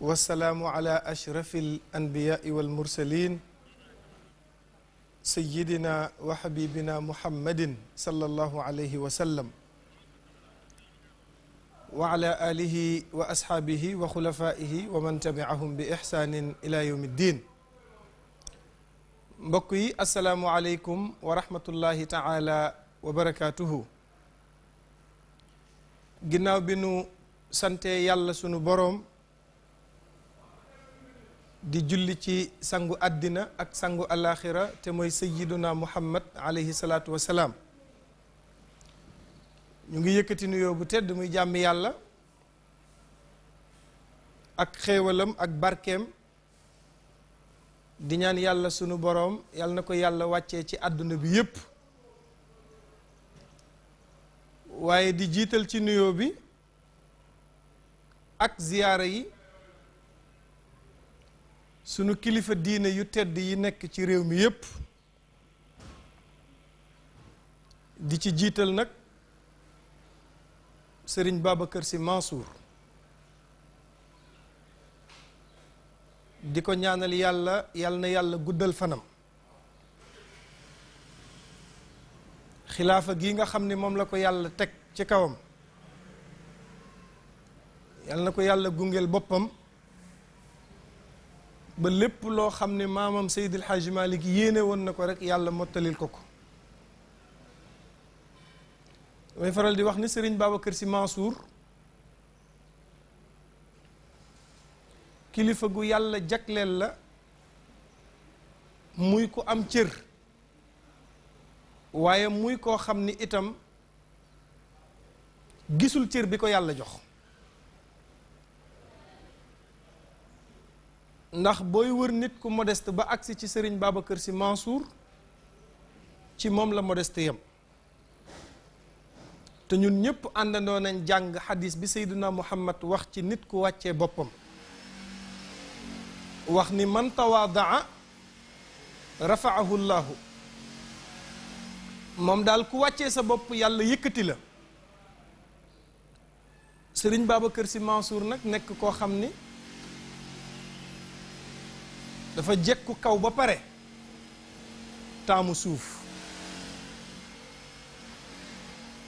wasalaamu ala ashrafi al anbiyaai wal mursalin sayidina wa xabibina muhammadin sallallahu alayhi wa sallam wa ala alihi wa asxaabihi wa xulafaihi wa man tabiahum bi ixsaanin ila yawmi ddin mbokk yi asalaamu aleykum wa rahmatullahi taala wa barakaatuhu ginnaaw bi nu sante yàlla sunu boroom di julli ci sangu àddina ak sangu alaaxira te mooy sayyiduna muhammad aleyhi salaatu wa salaam ñu ngi yëkkati nuyoo bu tedd muy jàmm yàlla ak xéewalam ak barkeem di ñaan yàlla sunu boroom yàlla na ko yàlla wàccee ci àdduna bi yépp waaye di jiital ci nuyoo bi ak ziyaara yi sunu kilifa diine yu tedd yi nekk ci réew mi yépp di ci jiital nag sëriñ Babacar Sy Mansour di ko ñaanal yàlla yàlla na yàlla guddal fanam xilaafa gi nga xam ni moom la ko yàlla teg ci kawam yàlla na ko yàlla gungeel boppam ba lépp loo xam ne maamam Seydil Hadji Malick yéene woon na ko rek yàlla mottalil ko ko damay faral di wax ni Serigne Babacar Sy Mansour kilifa gu yàlla jagleel la muy ko am cër waaye muy koo xam ni itam gisul cër bi ko yàlla jox ndax booy wër nit ku modeste ba agsi ci sëriñ kër Sy Mansour ci moom la modeste yam te ñun ñëpp àndandoo nañ jàng xadis bi sayduna muhammad wax ci nit ku wàccee boppam wax ni man tawaadaa rafaahu llaahu moom daal ku wàccee sa bopp yàlla yëkkati la sëriñ kër Sy Mansour nag nekk koo xam ni dafa jekku kaw ba pare taamu suuf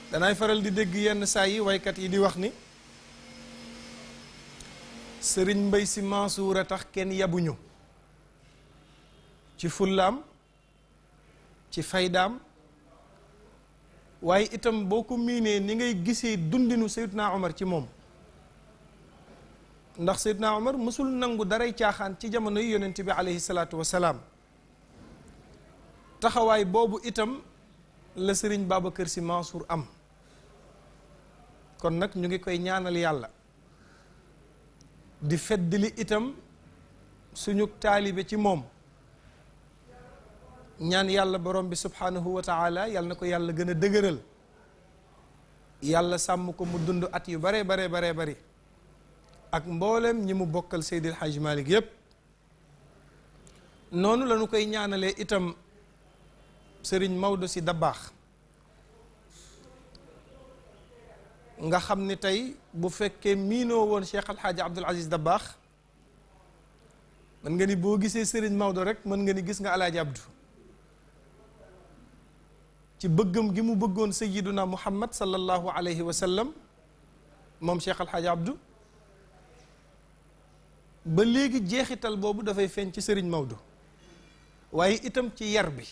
danaay faral di dégg yenn saa yi waykat yi di wax ni sëriñ mbay si Mansour a tax kenn yabuñu ci fullaam ci faydaam waaye itam boo ko miinee ni ngay gisee dundinu Seydina Omar ci moom ndax Seydina Omar mësul nangu daray caaxaan ci jamono yu yonent bi aleyhi salaatu wasalaam taxawaay boobu itam la sëriñ kër Sy Mansour am kon nag ñu ngi koy ñaanal yàlla di feddali itam suñu taalibe ci moom ñaan yàlla borom bi subhaanahu wa yàlla na ko yàlla gën a dëgëral yàlla sàmm ko mu dund at yu bare bare bare bari ak mboolem ñi mu bokkal Seydil Hadj Malick yëpp noonu la ñu koy ñaanale itam sëriñ Maodo si Dabaax nga xam ni tey bu fekkee miinoo woon Cheikh Al Hadj Abdoul Aziz Dabaax mën nga ni boo gisee sëriñ Maodo rek mën nga ni gis nga Alaaji Abdou ci bëggam gi mu bëggoon Sayyiduna Muhammad sallallahu alayhi wa sallam moom Cheikh Al Hadj ba léegi jeexital boobu dafay feeñ ci sëriñ Maodo waaye itam ci yar bi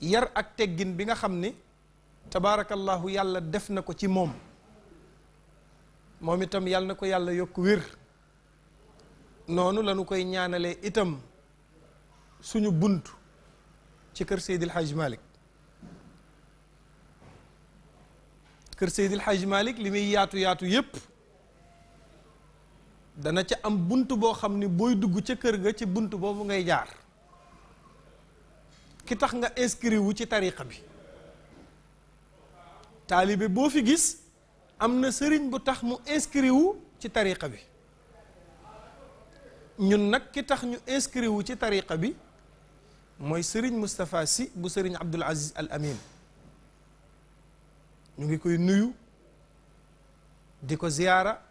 yar ak teggin bi nga xam ni tabaarakallahu yàlla def na ko ci moom moom itam yàlla na ko yàlla yokk wér noonu lañu koy ñaanalee itam suñu bunt ci kër Seydil Hadj Malick kër Seydil Hadj Malick li muy yaatu yaatu yépp dana ca am bunt boo xam ni booy dugg ca kër ga ci bunt boobu ngay jaar ki tax nga inscrit wu ci tariqa bi taalibe boo fi gis am na sëriñ bu tax mu inscrit wu ci tariqa bi ñun nag ki tax ñu inscrit wu ci tariqa bi mooy sëriñ Moustapha Sy bu sëriñ Abdul Aziz Al Amin ñu ngi koy nuyu di ko ziyaara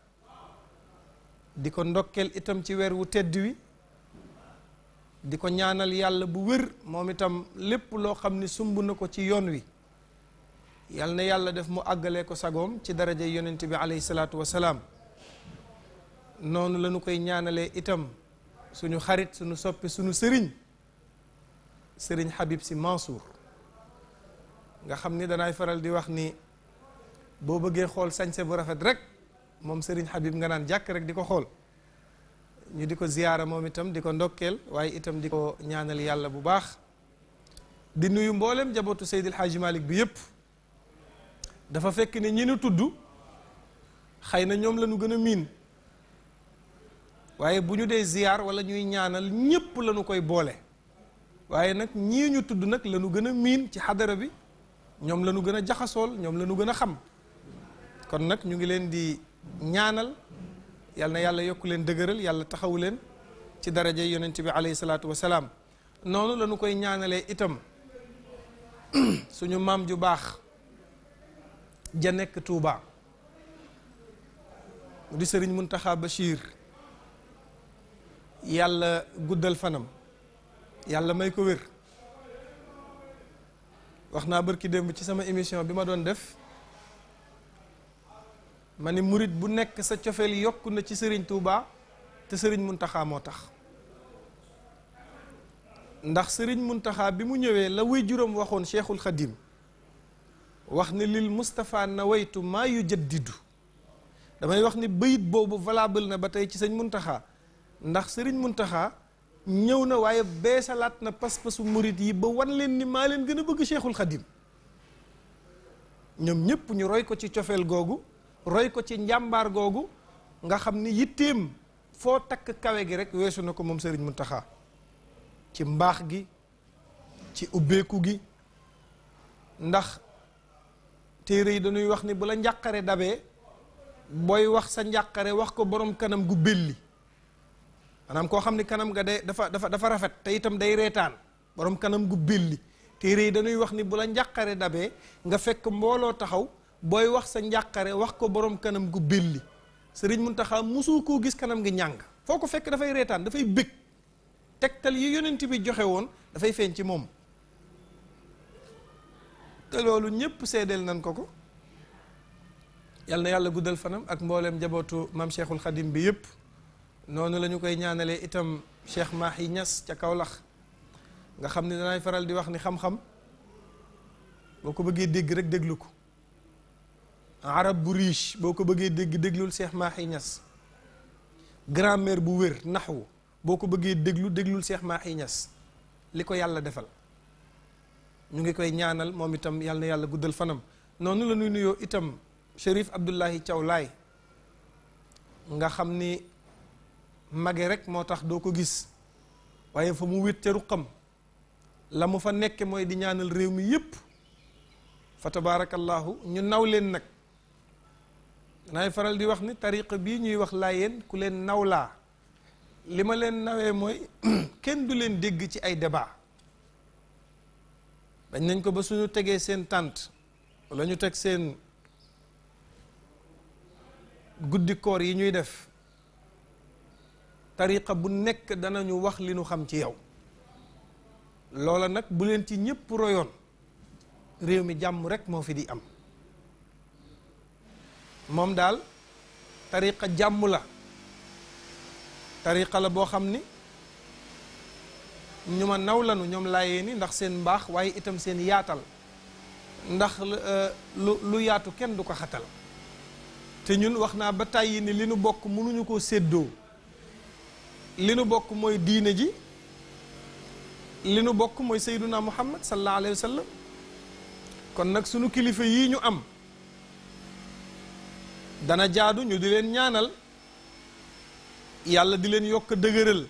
di ko ndokkeel itam ci weer wu tedd wi di ko ñaanal yàlla bu wér moom itam lépp loo xam ni sumb na ko ci yoon wi yal na yàlla def mu àggalee ko sagoom ci daraja yonent bi alayhi salaatu wa salaam noonu la koy ñaanalee itam suñu xarit suñu soppi suñu sëriñ sëriñ Habib si Mansour nga xam ni danaay faral di wax ni boo bëggee xool sañse bu rafet rek. moom Serigne Habib nga naan jàkk rek di ko xool ñu di ko ziyaara moom itam di ko ndokkeel waaye itam di ko ñaanal yàlla bu baax di nuyu mbooleem jabootu Seydil Hadji Malick bi yëpp dafa fekk ni ñi tudd xëy na ñoom la ñu gën a miin waaye bu ñu dee ziyaar wala ñuy ñaanal ñëpp la koy boole waaye nag ñii ñu tudd nag la ñu gën a miin ci xadara bi ñoom la gën a jaxasool ñoom la ñu gën a xam kon nag ñu ngi leen di ñaanal yal na yàlla yokk leen dëgëral yàlla taxawu leen ci daraja yonent bi alayhi salaatu wa salaam noonu la ñu koy ñaanalee itam suñu maam ju baax ja nekk Touba mu di Serigne Mountakha Bachir yàlla guddal fanam yàlla may ko wér wax naa bërki démb ci sama émission bi ma doon def. ma ne murit bu nekk sa cofeel yokku na ci sëriñ Touba te sëriñ Muntaxa moo tax ndax sëriñ Muntaxa bi mu ñëwee la wuy juróom waxoon Cheikhul Khadim wax ni lil Moustapha na waytu maa yu didu damay wax ni bayit boobu valable na ba tey ci sañ Muntaxa ndax sëriñ Muntaxa ñëw na waaye salaat na pas-pasu murit yi ba wan leen ni maa leen gën a bëgg Cheikhul Khadim ñoom ñëpp ñu roy ko ci cofeel googu roy ko ci njàmbaar googu nga xam ni yitteem foo takk kawe gi rek weesu na ko moom sëriñ Muntaxa ci mbaax gi ci ubbeeku gi ndax téere yi dañuy wax ni bu la njàqare dabee booy wax sa njàqare wax ko boroom kanam gu belli maanaam koo xam ni kanam ga day dafa dafa dafa rafet te itam day reetaan borom kanam gu belli téere yi dañuy wax ni bu la njàqare dabee nga fekk mbooloo taxaw booy wax sa njàqare wax ko boroom kanam gu belli sëriñ mun Muntaxa musu koo gis kanam gi ñàng foo ko fekk dafay reetaan dafay bég tegtal yi yonent bi joxe woon dafay feeñ ci moom te loolu ñëpp seedeel nañ ko ko yal na yàlla guddal fanam ak mbooleem njabootu maam Cheikhul xadim bi yëpp noonu lañu koy ñaanalee itam Cheikh Mahi ñas ca Kaolack nga xam ne danay faral di wax ni xam-xam boo ko bëggee dégg rek déglu ko arab bu riche boo ko bëggee dégg déglul Cheikh Mahi Niass grammaire bu wér naxwu boo ko bëggee déglu déglul Cheikh Mahi Niass li ko yàlla defal ñu ngi koy ñaanal moom itam yàlla na yàlla guddal fanam noonu la ñuy nuyoo itam Chérif Abdoulahi Thiaw Laay nga xam ni mage rek moo tax doo ko gis waaye fa mu wét ca ruqam la mu fa nekke mooy di ñaanal réew mi yépp fa tabaarakallaahu ñu naw nag danaay faral di wax ni tariqa bii ñuy wax laayeen ku leen naw laa li ma leen nawee mooy kenn du leen dégg ci ay débat dañ nañ ko ba suñu tegee seen tànt wala ñu teg seen guddi koor yi ñuy def tariqa bu nekk danañu wax li nu xam ci yow loola nag bu leen ci ñëpp royoon réew mi jàmm rek moo fi di am moom daal tariqa jàmm la tariqa la boo xam ni ñu ma naw lanu ñoom laayee ni ndax seen mbaax waaye itam seen yaatal ndax euh, lu yaatu kenn du ko xatal te ñun wax naa ba tàyyi ni li nu bokk mënuñu koo séddoo li nu bokk mooy diine ji li nu bokk mooy sayduna muhammad sallallahu alayhi wa sallam kon nag sunu kilifa yii ñu am dana jaadu ñu di leen ñaanal yàlla di leen yokk dëgëral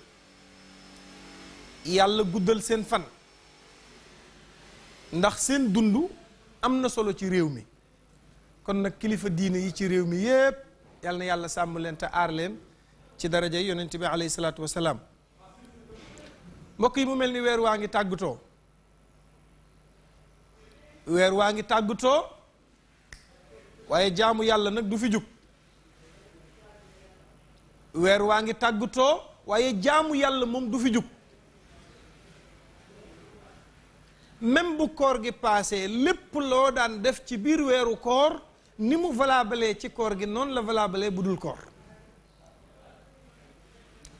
yàlla guddal seen fan ndax seen dund am na solo ci réew mi kon nag kilifa diine yi ci réew mi yépp yàlla yàlla sàmm leen te aar leen ci daraja yi yonent bi alayhi salaatu wasalaam mbokk yi mu mel ni weer waa ngi tàggatoo weer waa ngi tàggatoo waaye jaamu yàlla nag du fi jug weer waa ngi tàggatoo waaye jaamu yàlla moom du fi jug même bu koor gi paase lépp loo daan def ci biir weeru koor ni mu valablee ci koor gi noonu la valablee bu dul koor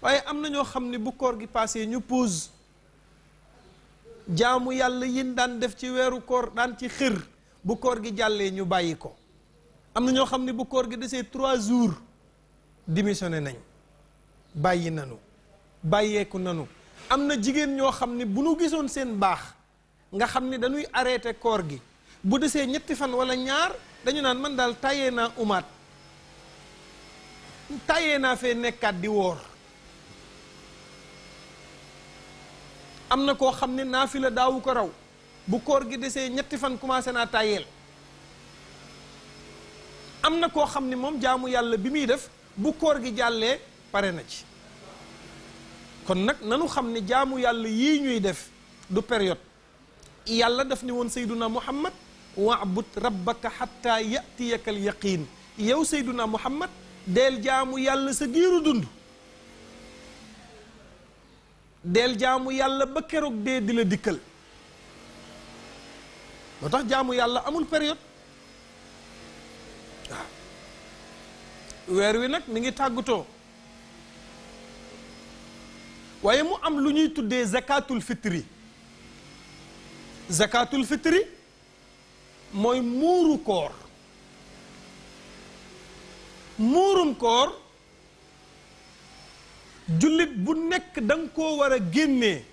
waaye am na ñoo xam ne bu koor gi paasee ñu pause jaamu yàlla yin daan def ci weeru koor daan ci xër bu koor gi jàllee ñu bàyyi ko am na ñoo xam ne bu koor gi desee trois jours démissionné nañ bàyyi nanu bàyyeeku nanu am na jigéen ñoo xam ne bu nu gisoon seen baax nga xam ne dañuy arrêté koor gi bu desee ñetti fan wala ñaar dañu naan man daal tàyyee naa umaat tàyyee naa fee nekkaat di woor am na koo xam ne naa fi la daawu ko raw bu koor gi desee ñetti fan commencé naa tàyyeel am na koo xam ne moom jaamu yàlla bi muy def bu koor gi jàllee pare na ci kon nag nanu xam ne jaamu yàlla yii ñuy def du période yàlla daf ni woon sayduna muhammad waabud rabbaka xatta yatiyaka al yaqin yow sayduna muhammad deel jaamu yàlla sa giiru dund deel jaamu yàlla ba keroog dee di la dikkal moo tax jaamu yàlla amul période weer wi nag mi ngi tàggatoo waaye mu am lu ñuy tuddee zakatul fitri zakatul fitri mooy muuru koor muurum koor jullit bu nekk danga nga koo war a génnee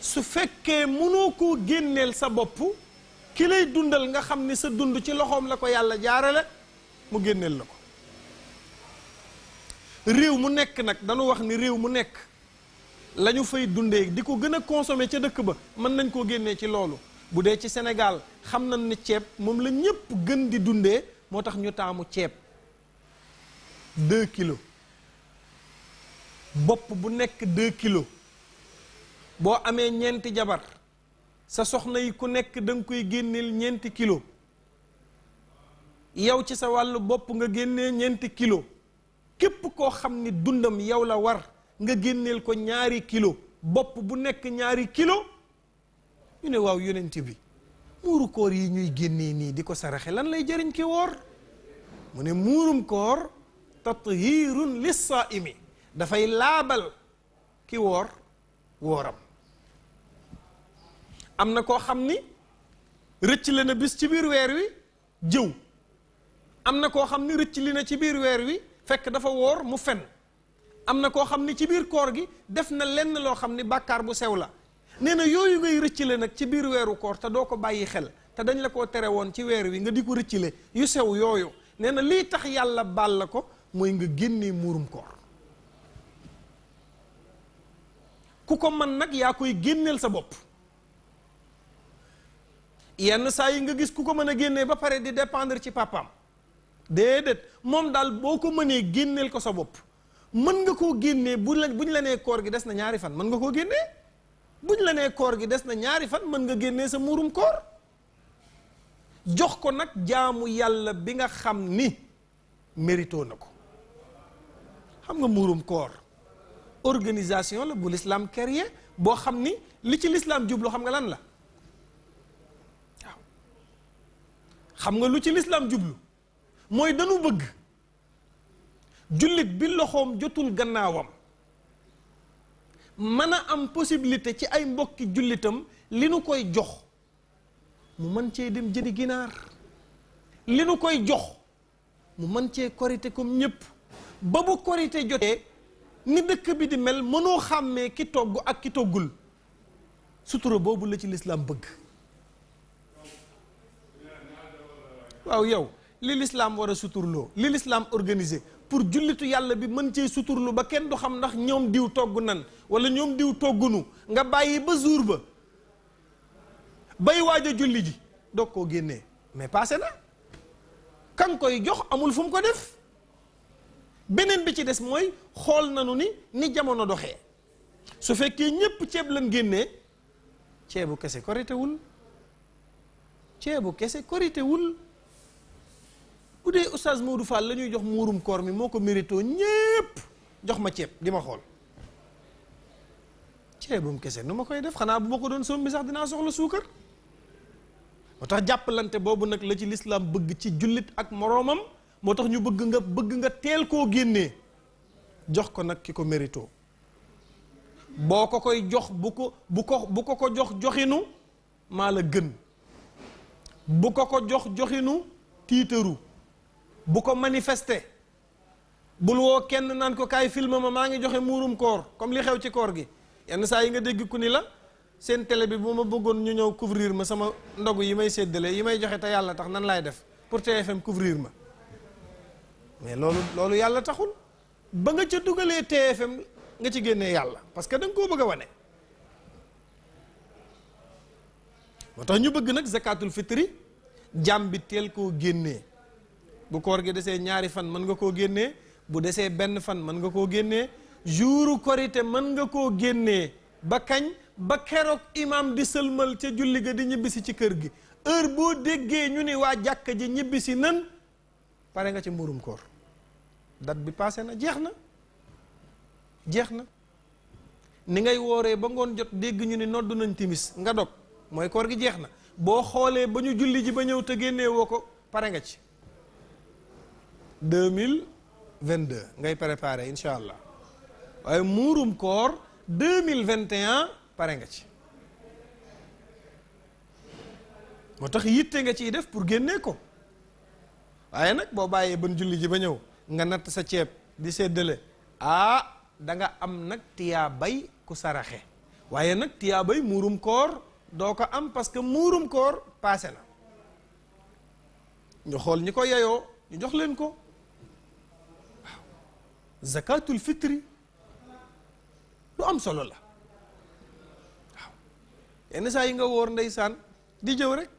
su fekkee mënoo koo génneel sa bopp ki lay dundal nga xam ni sa dund ci loxoom la ko yàlla jaarale mu génneel la ko réew mu nekk nag dañu wax ni réew mu nekk la ñu fay dundee di ko gën a consommer ca dëkk ba mën nañ koo génnee ci loolu bu dee ci Sénégal xam na ni ceeb moom la ñëpp gën di dundee moo tax ñu taamu ceeb 2 kilo bopp bu nekk 2 kilo boo amee ñeenti jabar sa soxna yi ku nekk danga koy génneel ñeenti kilo yow ci sa wàllu bopp nga génnee ñeenti kilo képp koo xam ni dundam yow la war nga génneel ko ñaari kilo bopp bu nekk ñaari kilo ñu ne waaw yonent bi muuru koor yi ñuy génnee nii di ko saraxe lan lay jëriñ ki woor mu ne muurum koor tat tathirun lissaimi dafay laabal ki woor wooram am na koo xam ni rëcc li na bis ci biir weer wi jëw am na koo xam ni rëcc li na ci biir weer wi fekk dafa woor mu fen am na koo xam ni ci biir koor gi def na lenn loo xam ni bàkkaar bu sew la nee na yooyu ngay rëccile nag ci biir weeru koor te doo ko bàyyi xel te dañ la koo tere woon ci weer wi nga di ko rëccile yu sew yooyu nee na lii tax yàlla baal la ko mooy nga génnee muurum koor ku ko man nag yaa koy génneel sa bopp yenn saa yi nga gis ku ko mën a génnee ba pare di dépendre ci papaam déedéet moom daal boo ko mënee génneel ko sa bopp mën nga koo génnee bu la ñu la nee koor gi des na ñaari fan mën nga koo génnee bu la nee koor gi des na ñaari fan mën nga génnee sa muurum koor jox ko nag jaamu yàlla bi nga xam ni mérito na ko xam nga muurum koor organisation la bu l'islam créé boo xam ni li ci l'islam jublu xam nga lan la xam nga lu ci lislaam jublu mooy dañu bëgg jullit bi loxoom jotul gannaawam mën a am possibilité ci ay mbokki jullitam li nu koy jox mu mën cee dem jëndi ginaar li nu koy jox mu mën cee korité comme ñëpp ba bu korité jotee ni dëkk bi di mel mënoo xàmmee ki togg ak ki toggul sutura boobu la ci lislaam bëgg waaw yow li lislaam war a suturloo li lislaam organisé pour jullitu yàlla bi mën cee suturlu ba kenn du xam ndax ñoom diw togg nan wala ñoom diw toggunu nga bàyyi ba jour ba bay waaj a julli ji doog koo génnee mais passé na kan koy jox amul fu mu ko def beneen bi ci des mooy xool nanu ni ni jamono doxee su fekkee ñépp ceeb lañ génnee ceebu kese koritewul ceebu kese koritewul bu dee oustaz Modou Fall la ñuy jox muurum koor mi moo ko mérito ñépp jox ma ceeb di ma xool ceebum kese nu ma koy def xanaa bu ma ko doon sombi sax dinaa soxla suukar moo tax jàppalante boobu nag la ci lislaam bëgg ci jullit ak moroomam moo tax ñu bëgg nga bëgg nga teel koo génnee jox ko nag ki ko mérito boo ko koy jox bu ko bu ko bu ko ko jox joxinu maa la gën bu ko ko jox joxinu tiitaru bu ko manifeste bul woo kenn naan ko kaay film ma maa ngi joxe muurum koor comme li xew ci koor gi yenn saa yi nga dégg ku ni la seen télé bi bu ma bëggoon ñu ñëw couvrir ma sama ndogu yi may séddale yi may joxe te yàlla tax nan laay def pour TFM couvrir ma mais loolu loolu yàlla taxul ba nga ca dugalee TFM nga ci génne yàlla parce que da koo bëgg a wane. moo tax ñu bëgg nag zakatul fitri jàmm bi teel koo génnee. bu koor gi desee ñaari fan mën nga koo génnee bu desee benn fan mën nga koo génnee juru korite mën nga koo génnee ba kañ ba keroog imam di sëlmal ca julli ga di ñibbisi ci kër gi heure boo déggee ñu ni waa jàkka ji ñibbisi nan pare nga ci mburum koor date bi passé na jeex na jeex na ni ngay wooree ba ngoon jot dégg ñu ni noddu nañ timis nga dog mooy koor gi jeex na boo xoolee ba ñu julli ji ba ñëw te génnee woo ko pare nga ci deux mille vingt deux ngay préparé incha allah waaye muurum koor deux mille vingt et pare nga ci moo tax yitte nga ciy def pour génnee ko waaye nag boo bàyyee ban julli ji ba ñëw nga natt sa ceeb di séddale ah da nga am nag tiyaa bay ku saraxe waaye nag tiyaa bay muurum koor doo ko am parce que muurum koor paase na ñu xool ñi ko yeyoo ñu jox leen ko zakatul fitri lu am solo la waaw yenn saa yi nga wóor ndeysaan di jëw rek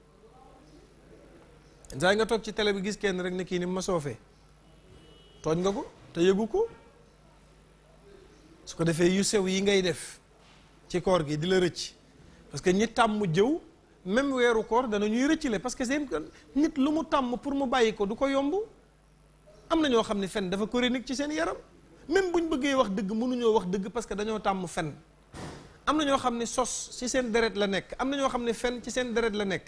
yenn saa yi nga toog ci tele bi gis kenn rek ne kii ni ma soofee tooñ nga ko te yëgu ko su ko defee yu sew yi ngay def ci koor gi di la rëcc parce que ñi tàmm jëw même weeru koor dana ñuy rëccile parce que seen nit lu mu tàmm pour mu bàyyi ko du ko yomb am na ñoo xam ne fen dafa chronique ci seen yaram même buñ bëggee wax dëgg mënuñoo wax dëgg parce que dañoo tàmm fen am na ñoo xam ne sos ci seen deret la nekk am na ñoo xam ne fen ci seen deret la nekk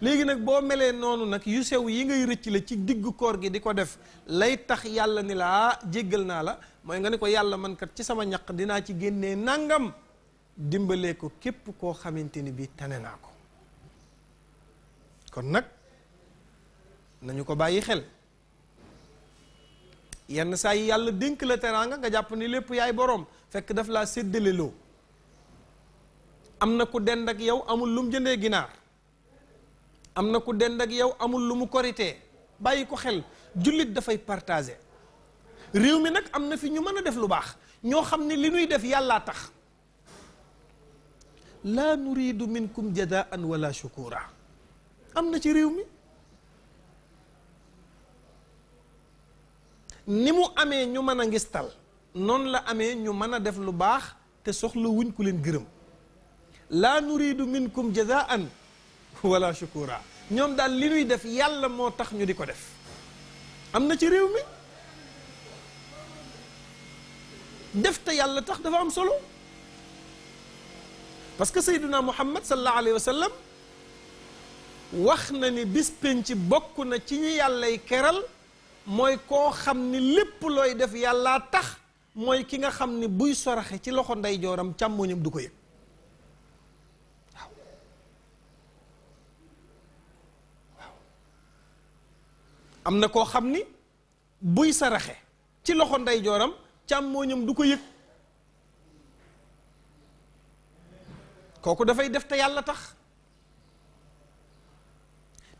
léegi nag boo melee noonu nag yu sew yi ngay rëcc la ci diggu koor gi di ko def lay tax yàlla ni laa ah, jéggal naa la mooy nga ne ko yàlla man kat ci sama ñaq dinaa ci génnee nangam dimbalee ko képp koo xamante ni bi tane naa ko kon nag nañu ko bàyyi xel yenn saa yi yàlla dénk la teraanga nga jàpp ni lépp yaay boroom fekk daf laa séddale loo am na ku dend ak yow amul lu mu jëndee ginaar am na ku dend ak yow amul lu mu koritee bàyyi ko xel jullit dafay partagé réew mi nag am na fi ñu mën a def lu baax ñoo xam ni li nuy def yàllaa tax laa nuridu minkum jazaan wala shukura am na ci réew mi ni mu amee ñu mën a ngistal noonu la amee ñu mën a def lu baax te soxla wuñ ku leen gërëm laa nuridu minkum jazaan wala shukura ñoom daal li ñuy def yàlla moo tax ñu di ko def am na ci réew mi def te yàlla tax dafa am solo parce que sayduna muhammad sallallahu alayhi wa sallam wax na ni bis penc bokk na ci ñu yàllay keral mooy koo xam ni lépp looy def yàlla tax mooy ki nga xam ni buy soraxe ci loxo ndeyjooram càmmoñam du ko yëg na koo xam ni buy saraxe ci loxo ndeyjooram càmmoñam du ko yëg kooku dafay def te yàlla tax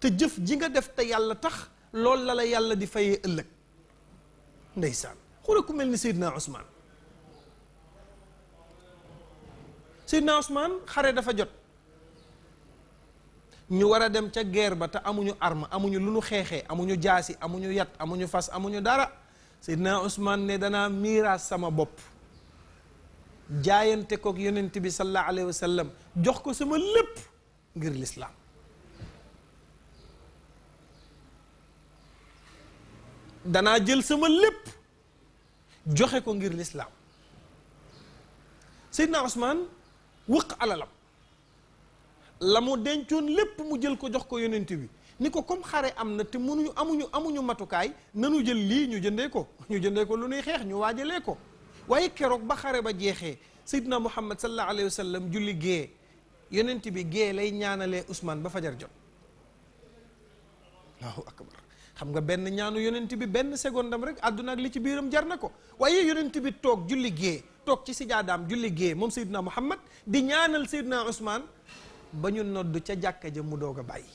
te jëf ji nga def te yàlla tax loolu la la yàlla di fayee ëllëg ndeysaan xoola ku mel ni Seydina Ousmane Seydina Ousmane xare dafa jot ñu war a dem ca guerre ba te amuñu arme amuñu lu nu xeexee amuñu jaasi amuñu yat amuñu fas amuñu dara Seydina Ousmane ne danaa miiraas sama bopp jaayante kook yonent bi sallallahu alayhi wa jox ko sama lépp ngir lislaam danaa jël sama lépp joxe ko ngir lislaam Seydina Ousmane wëq alalam la mu dencoon lépp mu jël ko jox ko yonent bi ni ko comme xare am na te mënuñu amuñu amuñu matukaay nanu jël lii ñu jëndee ko ñu jëndee ko lu nuy xeex ñu waajalee ko waaye keroog ba xare ba jeexee Seydina Muhammad sallallahu alayhi wa sallam julli géey yonent bi gée lay ñaanalee Ousmane ba fajar jot Allahu xam nga benn ñaanu yonent bi benn segondam rek àdduna ak li ci biiram jar na ko waaye yonent bi toog julli gée toog ci sijaadaam julli gée moom Seydina Muhammad di ñaanal Seydina osmaan ba ñu nodd ca jàkka ja mu doog a bàyyi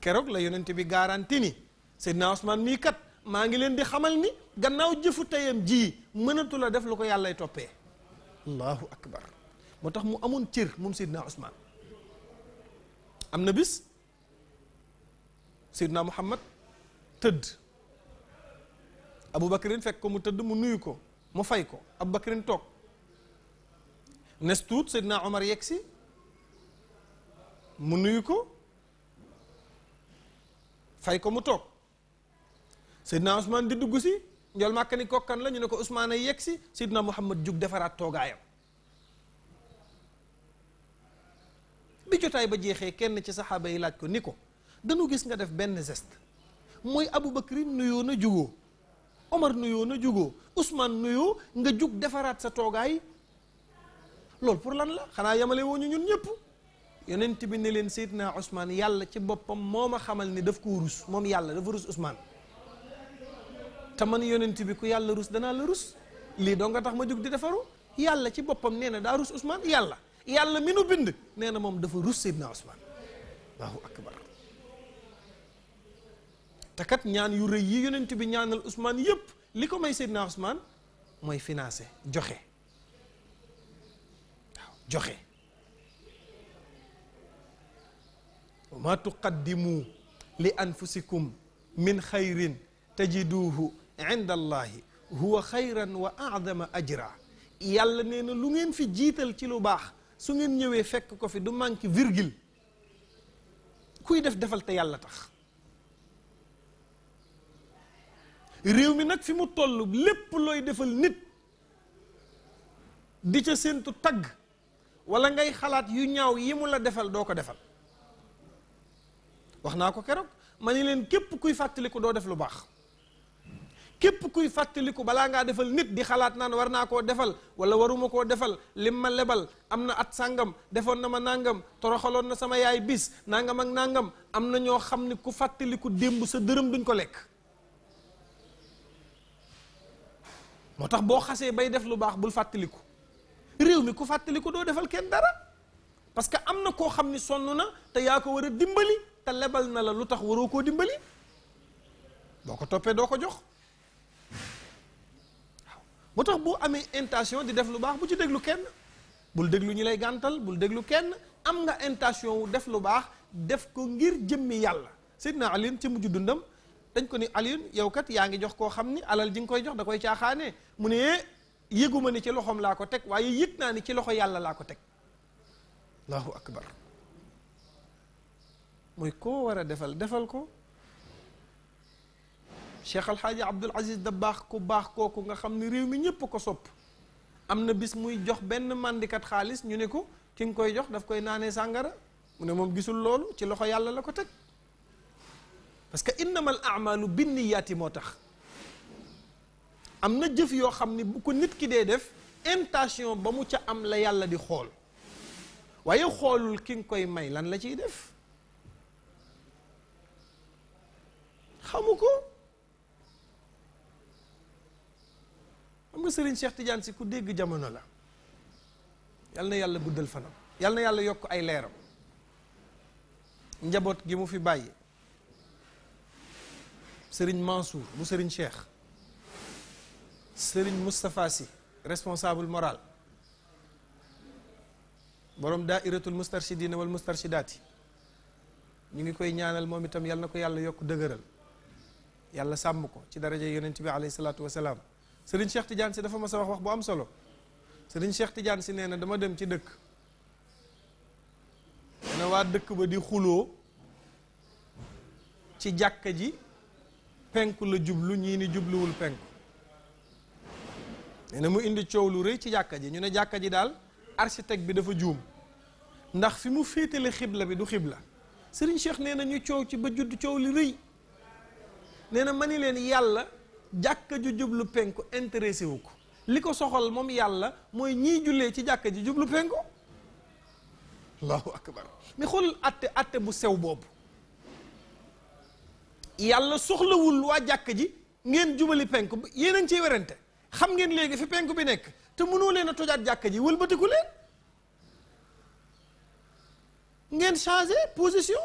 keroog la yonent bi garanti ni Seydina Ousmane mii kat maa ngi leen di xamal ni gannaaw jëfu tayam ji mënatula def lu ko yàllay toppee allahu akbar moo tax mu amoon cër moom Seydina Ousmane am na bis Seydina Muhammad tëdd abu Aboubacarin fekk ko mu tëdd mu nuyu ko mu fay ko Aboubacarin toog nes tuut Seydina Omar yegg si mu nuyu ko fay ko mu toog Seydina Ousmane di dugg si njol màkka ni kokkan la ñu ne ko Ousmane ay yegg si Seydina Muhammad jug defaraat toogaayam bi jotaay ba jeexee kenn ci saxaaba yi laaj ko ni ko dañu gis nga def benn geste mooy Aboubacry nuyoo na jugoo Omar nuyoo na jugoo Ousmane nuyoo nga jug defaraat sa toogaay loolu pour lan la xanaa yamale woo ñu ñun ñëpp yonent bi ne leen Seydina Ousmane yàlla ci boppam moo ma xamal ni daf ko rus moom yàlla dafa rus Ousmane te man yonent bi ku yàlla rus danaa la rus lii doo nga tax ma jug di defaru yàlla ci boppam nee na daa rus Ousmane yàlla yàlla mi nu bind nee na moom dafa rus Seydina Ousmane allahu te kat ñaan yu rëy yi yonent bi ñaanal Ousmane yëpp li ko may Seydina Ousmane mooy financé joxe waaw joxe wa ma tuqaddimu li anfusikum min xayrin tajiduhu inda allahi huwa wa aadama ajra yàlla nee na lu ngeen fi jiital ci lu baax su ngeen ñëwee fekk ko fi du manque virgule kuy def defal te yàlla tax réew mi nag fi mu toll lépp looy defal nit di ca séentu tagg wala ngay xalaat yu ñaaw yi mu la defal doo ko defal wax naa ko keroog man ni leen képp kuy fàttaliku doo def lu baax képp kuy fàttaliku balaa ngaa defal nit di xalaat naan war naa koo defal wala waruma koo defal lim ma lebal am na at sàngam defoon na ma nangam toroxaloon na sama yaay bis nàngam ak nangam am na ñoo xam ne ku fàttaliku démb sa dërëm duñ ko lekk moo tax boo xasee bay def lu baax bul fàttaliku réew mi ku fàttaliku doo defal kenn dara parce que am na koo xam ni sonn na te yaa ko war a dimbali te lebal na la lu tax waroo koo dimbali boo ko toppee doo ko jox waaw moo tax boo amee intention di def lu baax bu ci déglu kenn bul déglu ñi lay gàntal bul déglu kenn am nga intention wu def lu baax def ko ngir jëmmi yàlla Seydina Alin ci mujj dundam dañ ko ni Alioune yow kat yaa ngi jox koo xam ni alal ji nga koy jox da koy caaxaanee mu ne yëguma ni ci loxoom laa ko teg waaye yëg naa ni ci loxo yàlla laa ko teg allahu akbar war a defal defal ko Cheikh Alxaaji Abdul Aziz Dabaax ku baax kooku nga xam ne réew mi ñëpp ko sopp am na bis muy jox benn màndikat xaalis ñu ne ko ki nga koy jox daf koy naanee sàngara mu ne moom gisul loolu ci loxo yàlla la ko teg parce que innamal amalu binniyaati moo tax am na jëf yoo xam ni bu ko nit ki dee def intention ba mu ca am la yàlla di xool waaye xoolul ki nga koy may lan la ciy def xamu ko xam nga sëriñ Cheikh Tidiane si ku dégg jamono la yal na yàlla guddal fanam yal na yàlla yokk ay leeram njaboot gi mu fi bàyyi sëriñ Mansour bu sëriñ Cheikh sëriñ Moustapha si responsable moral borom daairatul mustarshidina wal mustarshidaati ñu ngi koy ñaanal moom itam yàlla na ko yàlla yokk dëgëral yàlla sàmm ko ci daraja yonent bi alayhi salaatu wasalaam sëriñ Cheikh Tidiane si dafa mas a wax wax bu am solo sëriñ Cheikh Tidiane si nee na dama dem ci dëkk nee waa dëkk ba di xuloo ci jàkka ji penku la jublu ñii ni jubluwul penku nee na mu indi coow lu rëy ci jàkka ji ñu ne jàkka ji daal architecte bi dafa juum ndax fi mu féetale xibla bi du xibla Serigne Cheikh nee na ñu coow ci ba judd coow li rëy nee na ma ni leen yàlla jàkka ju jublu penku intéressé wu ko li ko soxal moom yàlla mooy ñii jullee ci jàkka ji jublu penku allahu akbar mais xoolal atte atte bu sew boobu yàlla soxlawul waa jàkk ji ngeen jubali penku yéen a ngi werante xam ngeen léegi fi penku bi nekk te mënoo leen a tojaat jàkka ji walbatiku leen ngeen changé position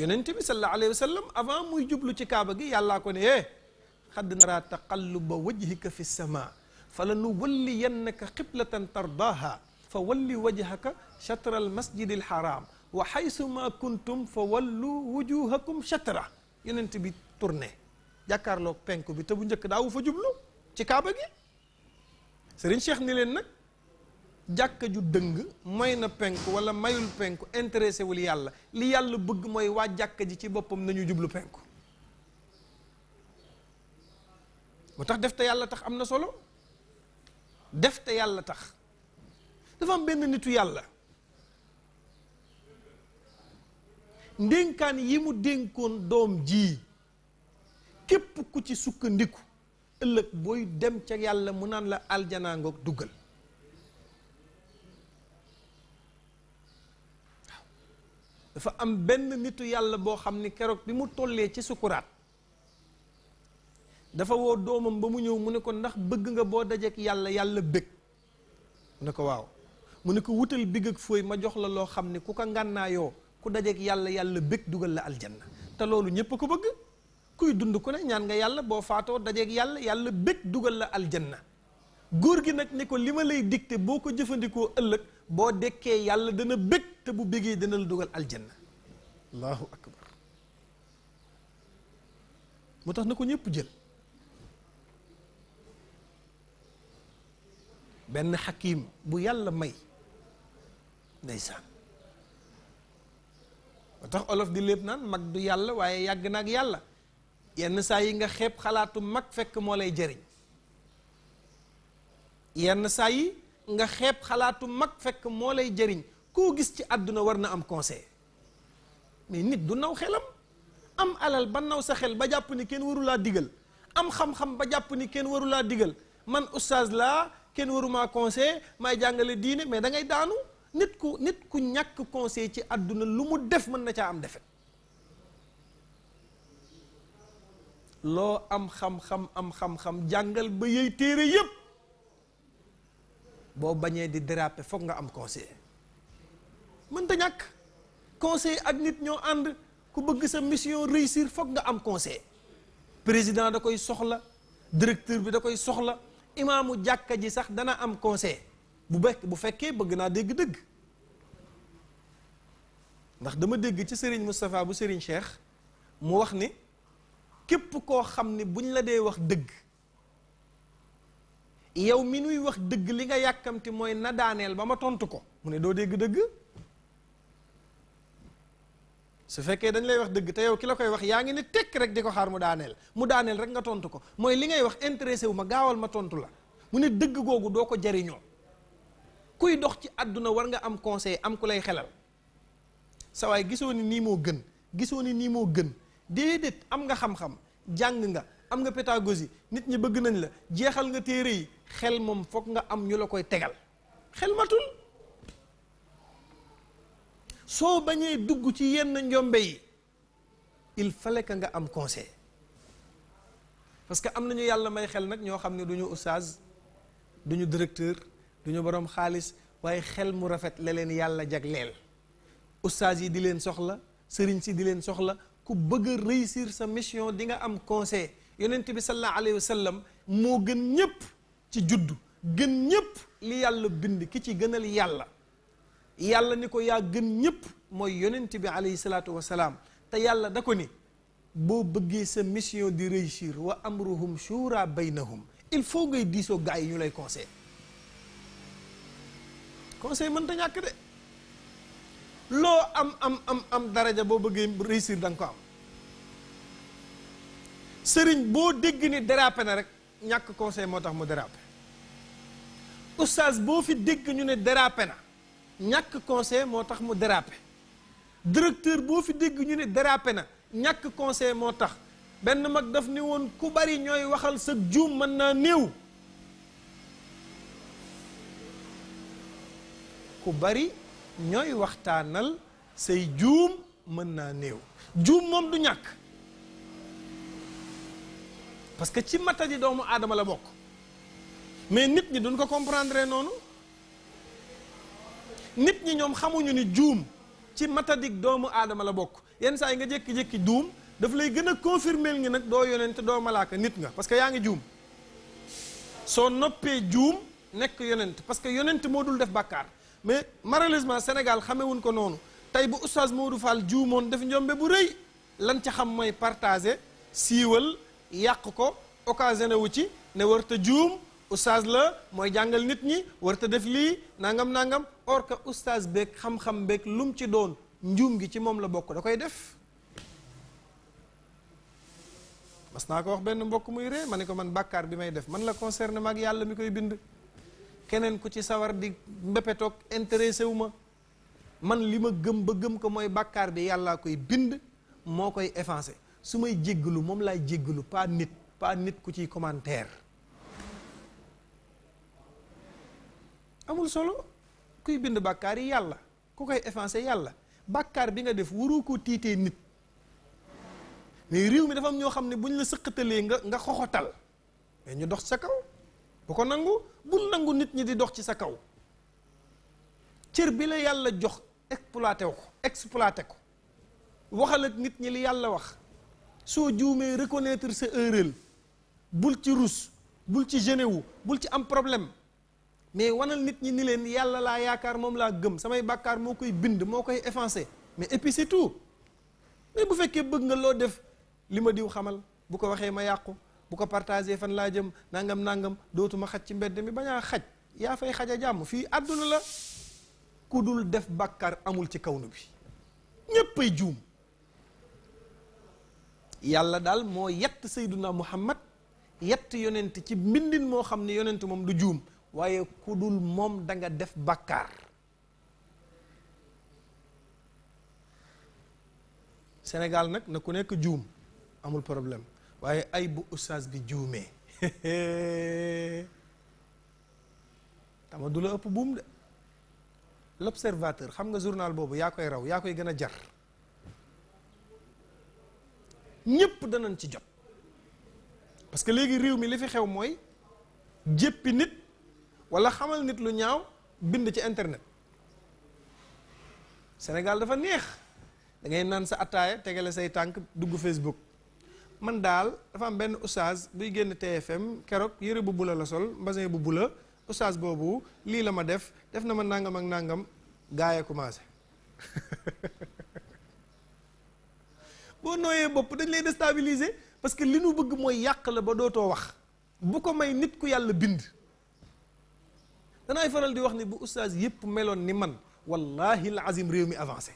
yonent bi sallallahu alayhi wa sallam avant muy jublu ci kaaba gi yàllaa ko ne eh xad nara taqalluba wajhika fi sama fala nu walliyannaka xiblatan tardaha fa walli wajhaka chatra al masjidi al haram wa xaysuma kuntum fa wallu wujuhakum shatra yonent bi tourné jàkkaarloog penku bi te bu njëkk daawu fa jublu ci kaaba gi sëriñ Cheikh ni leen nag jàkka ju dëng may na penku wala mayul penku intéressé wul yàlla li yàlla bëgg mooy waa jàkka ji ci boppam nañu jublu penku moo tax def te yàlla tax am na solo def te yàlla tax dafa benn nitu yàlla ndénkaan yi mu dénkoon doom ji képp ku ci sukkandiku ëllëg booy dem ca yàlla mu naan la aljanaangook ngoog duggal dafa am benn nitu yàlla boo xam ni keroog bi mu tollee ci sukuraat dafa woo doomam ba mu ñëw mu ne ko ndax bëgg nga boo dajeek yàlla yàlla bëgg mu ne ko waaw mu ne ko wutal bigg ak fooy ma jox la loo xam ne ku ko ngànnaayoo ku dajeek yàlla yàlla bëgg dugal la aljanna te loolu ñëpp ko bëgg kuy dund ku ne ñaan nga yàlla boo faatoo dajeeg yàlla yàlla bëgg dugal la aljanna góor gi nag ni ko li ma lay dicté boo ko jëfandikoo ëllëg boo dekkee yàlla dana bëgg te bu bëggee dana la dugal aljanna allahu akbar moo tax na ko ñëpp jël benn xakim bu yàlla may ndeysaan tax olof di lépp naan mag du yàlla waaye yàgg na ak yàlla yenn saa yi nga xeeb xalaatu mag fekk moo lay jariñ yenn saa yi nga xeeb xalaatu mag fekk moo lay jëriñ koo gis ci àdduna war na am conseil mais nit du naw xelam am alal ba naw sa xel ba jàpp ni kenn waru laa digal am xam-xam ba jàpp ni kenn waru laa digal man oustaz laa kenn waru maa conseil may jàngale diine mais dangay daanu nit ku nit ku ñàkk conseil ci àdduna lu mu def mën na caa am defet loo am xam-xam am xam-xam jàngal ba yey téere yépp boo bañee di déraper foog nga am conseil mën ta ñàkk conseil ak nit ñoo ànd ku bëgg sa mission réussir foog nga am conseil président da koy soxla directeur bi da koy soxla imaamu jàkka ji sax dana am conseil bu bekk bu fekkee bëgg naa dégg dëgg ndax dama dégg ci sëriñ Moustapha bu Serigne Cheikh mu wax ni képp koo xam ni buñ la dee wax dëgg yow mi nuy wax dëgg li nga yàkkamti mooy na daaneel ba ma tontu ko mu ne doo dégg dëgg su fekkee dañ lay wax dëgg te yow ki la koy wax yaa ngi ne tekk rek di ko xaar mu daaneel mu daaneel rek nga tontu ko mooy li ngay wax intéressé wu ma gaawal ma tontu la mu ne dëgg googu doo ko jariñoo kuy dox ci àdduna war nga am conseil am ku lay xelal sa waay gisoo ni nii moo gën gisoo ni nii moo gën déedéet am nga xam-xam jàng nga am nga pédagogie nit ñi bëgg nañ la jeexal nga téere yi xel moom foog nga am ñu la koy tegal xel matul soo bañee dugg ci yenn njombe yi il fallait que nga am conseil parce que am nañu yàlla may xel nag ñoo xam ne du ñu duñu directeur duñu boroom xaalis waaye xel mu rafet la leen yàlla jagleel ustaas yi di leen soxla sëriñ si di leen soxla ku bëgg a sa mission di nga am conseil yonent bi sallallahu alayhi sallam moo gën ñëpp ci juddu gën ñëpp li bind ki ci gënal yàlla yàlla ni ko yaa gën ñëpp mooy yonent bi alayhi salaatu wa te yàlla da ko ni boo bëggee sa mission di réussir wa amruhum shura baynahum il faut ngay diisoo gaa yi ñu lay conseil conseil mën ta ñàkk de loo am am am am daraja boo bëggee réussir danga ko am sëriñ boo dégg ni dérapé na rek ñàkk conseil moo tax mu dérapé oustaz boo fi dégg ñu ne dérapé na ñàkk conseil moo tax mu dérapé directeur boo fi dégg ñu ne dérapé na ñàkk conseil moo tax benn mag daf ni woon ku bari ñooy waxal sa juum mën naa néew ku bari ñooy waxtaanal say juum mën naa néew juum moom du ñàkk parce que ci matadi doomu aadama la bokk mais nit ñi duñ ko comprendre noonu nit ñi ñoom xamuñu ni juum ci matadik doomu aadama la bokk yenn saa yi nga jékki-jékki juum daf lay gën a confirmer ngi nag doo yonent doo malaaka nit nga parce que yaa ngi juum soo noppee juum nekk yonent parce que yonent moo dul def bàkkaar mais malheureusement Sénégal xamewuñ ko noonu tey bu oustaz Modou Fall juumoon def njombe bu rëy lan ca xam mooy partager siiwal yàq ko occasionné wu ci ne war ta juum oustaz la mooy jàngal nit ñi war ta def lii nangam nangam or que oustaz beeg xam-xam beeg lum ci doon njuum gi ci moom la bokk da koy def. mas naa ko wax benn mbokk muy ree ma ne ko man bàkkaar bi may def man la concerné maag yàlla mi koy bind. keneen ku ci sawar di mbépetoog intéressé wu ma man li ma gëm ba gëm ko mooy bàkkaar bi yàllaa koy bind moo koy effacé su may jéggalu moom laay jéggalu pas nit pas nit ku ciy commentaire amul solo kuy bind bàkkaar yàlla ku koy effacé yàlla bàkkaar bi nga def waru ko tiitee nit mais réew mi dafa am ñoo xam ne bu ñu la sëqatalee nga nga xoxotal mais ñu dox sa bu ko nangu bul nangu nit ñi di dox ci sa kaw cër bi la yàlla jox exploité ko exploité ko waxal ak nit ñi li yàlla wax soo juumee reconnaître sa erreur bul ci rus bul ci gêné wu bul ci am problème mais wanal nit ñi ni leen yàlla laa yaakaar moom laa gëm samay bàkkaar moo koy bind moo koy effacé mais et puis c'est tout mais bu fekkee bëgg nga loo def li ma diw xamal bu ko waxee ma yàqu bu ko partagé fan laa jëm nangam nangam dootuma xaj ci mbedd mi bañaa xaj yaa fay xaj a jàmm fii àdduna la ku dul def bàkkaar amul ci kaw kawnu bi ñéppay juum yàlla daal moo yett sayduna muhammad yett yonent ci mbindin moo xam ne yonent moom du juum waaye ku dul moom danga def bàkkaar Sénégal nag na ku nekk juum amul problème waaye ay bu ustaas bi juumee tama du la ëpp buum de l'observateur xam nga journal boobu yaa koy raw yaa koy gën a jar ñépp danañ ci jot parce que léegi réew mi li fi xew mooy jéppi nit walla xamal nit lu ñaaw bind ci internet Sénégal dafa neex da ngay naan sa attaaya tegale say tànk dugg Facebook man daal dafa am benn oustaz buy génn TFM keroog yëre bu bula la sol mbasin bu bula oustaz boobu lii la ma def def na ma nangam ak nàngam gaay a commencé boo nooyee bopp dañ lay déstabiliser parce que li nu bëgg mooy yàq la ba dootoo wax bu ko may nit ku yàlla bind danaay faral di wax ni bu oustaz yépp meloon ni man wallahi la asim réew mi avancer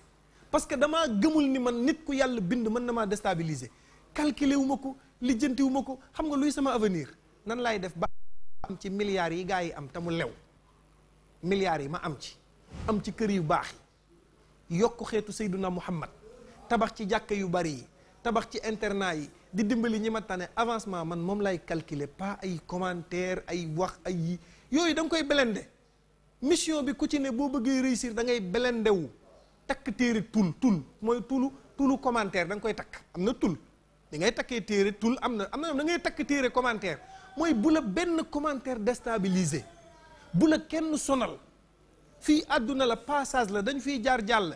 parce que damaa gëmul ni man nit ku yàlla bind mën na maa déstabiliser calculé wu ma ko lijjanti ko xam nga luy sama avenir nan laay def ba am ci milliards yi gars yi am tamu lew milliards yi ma am ci am ci kër yu baax yi yokk xeetu Seyduna Muhammad tabax ci jàkk yu bari yi tabax ci internat yi di dimbali ñi ma tane avancement man moom lay calculer pas ay commentaire ay wax ay yi yooyu da nga koy belende mission bi ku ci ne boo bëggee réussir da ngay belendewu takk téere tul tul mooy tulu tulu commentaire da nga koy takk am na tul di ngay takkee téere tul am na am na da ngay takk téere commentaire mooy bu la benn commentaire déstabilisé bu la kenn sonal fii àdduna la passage la dañu fiy jaar jàll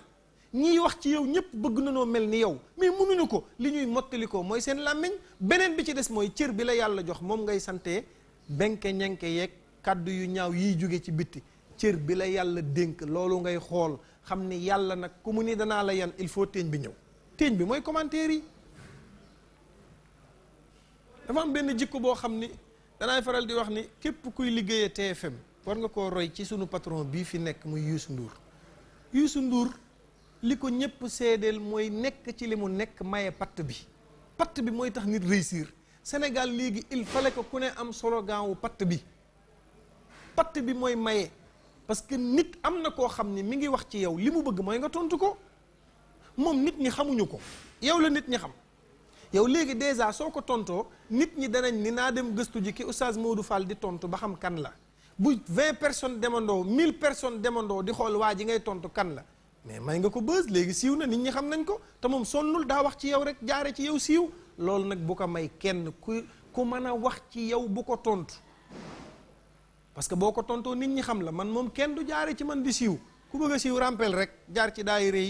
ñiy wax ci yow ñëpp bëgg nanoo mel ni yow mais mënuñu ko li ñuy mottalikoo mooy seen làmmiñ beneen bi ci des mooy cër bi la yàlla jox moom ngay santee benke ñenke yeeg kàddu yu ñaaw yiy jóge ci bitti cër bi la yàlla dénk loolu ngay xool xam ni yàlla nag ku mu ni danaa la yan il faut téeñ bi ñëw bi mooy commentaire yi dafa benn jikko boo xam ni danaay faral di wax ni képp kuy liggéeye TFM war nga koo roy ci suñu patron bii fi nekk muy Youssou nduur Youssou Ndour li ko ñëpp seedeel mooy nekk ci li mu nekk maye patt bi patt bi mooy tax nit réussir Sénégal léegi il fallait ko ku ne am slogan wu patt bi patt bi mooy maye parce que nit am na koo xam ni mi ngi wax ci yow li mu bëgg mooy nga tontu ko moom nit ñi xamuñu ko yow la nit ñi xam yow léegi dèjà soo ko tontoo nit ñi danañ ni naa dem gëstu ji ki oustaz du Fall di tontu ba xam kan la bu vingt personnes demandoo mille personnes demandoo di xool waa ji ngay tontu kan la mais may nga ko bës léegi siiw na nit ñi xam nañ ko te moom sonnul daa wax ci yow rek jaare ci yow siiw loolu nag bu ko may kenn ku ku mën a wax ci yow bu ko tontu parce que boo ko tontoo nit ñi xam la man moom kenn du jaare ci man di siiw ku bëgg a siiw rampel rek jaar ci daayira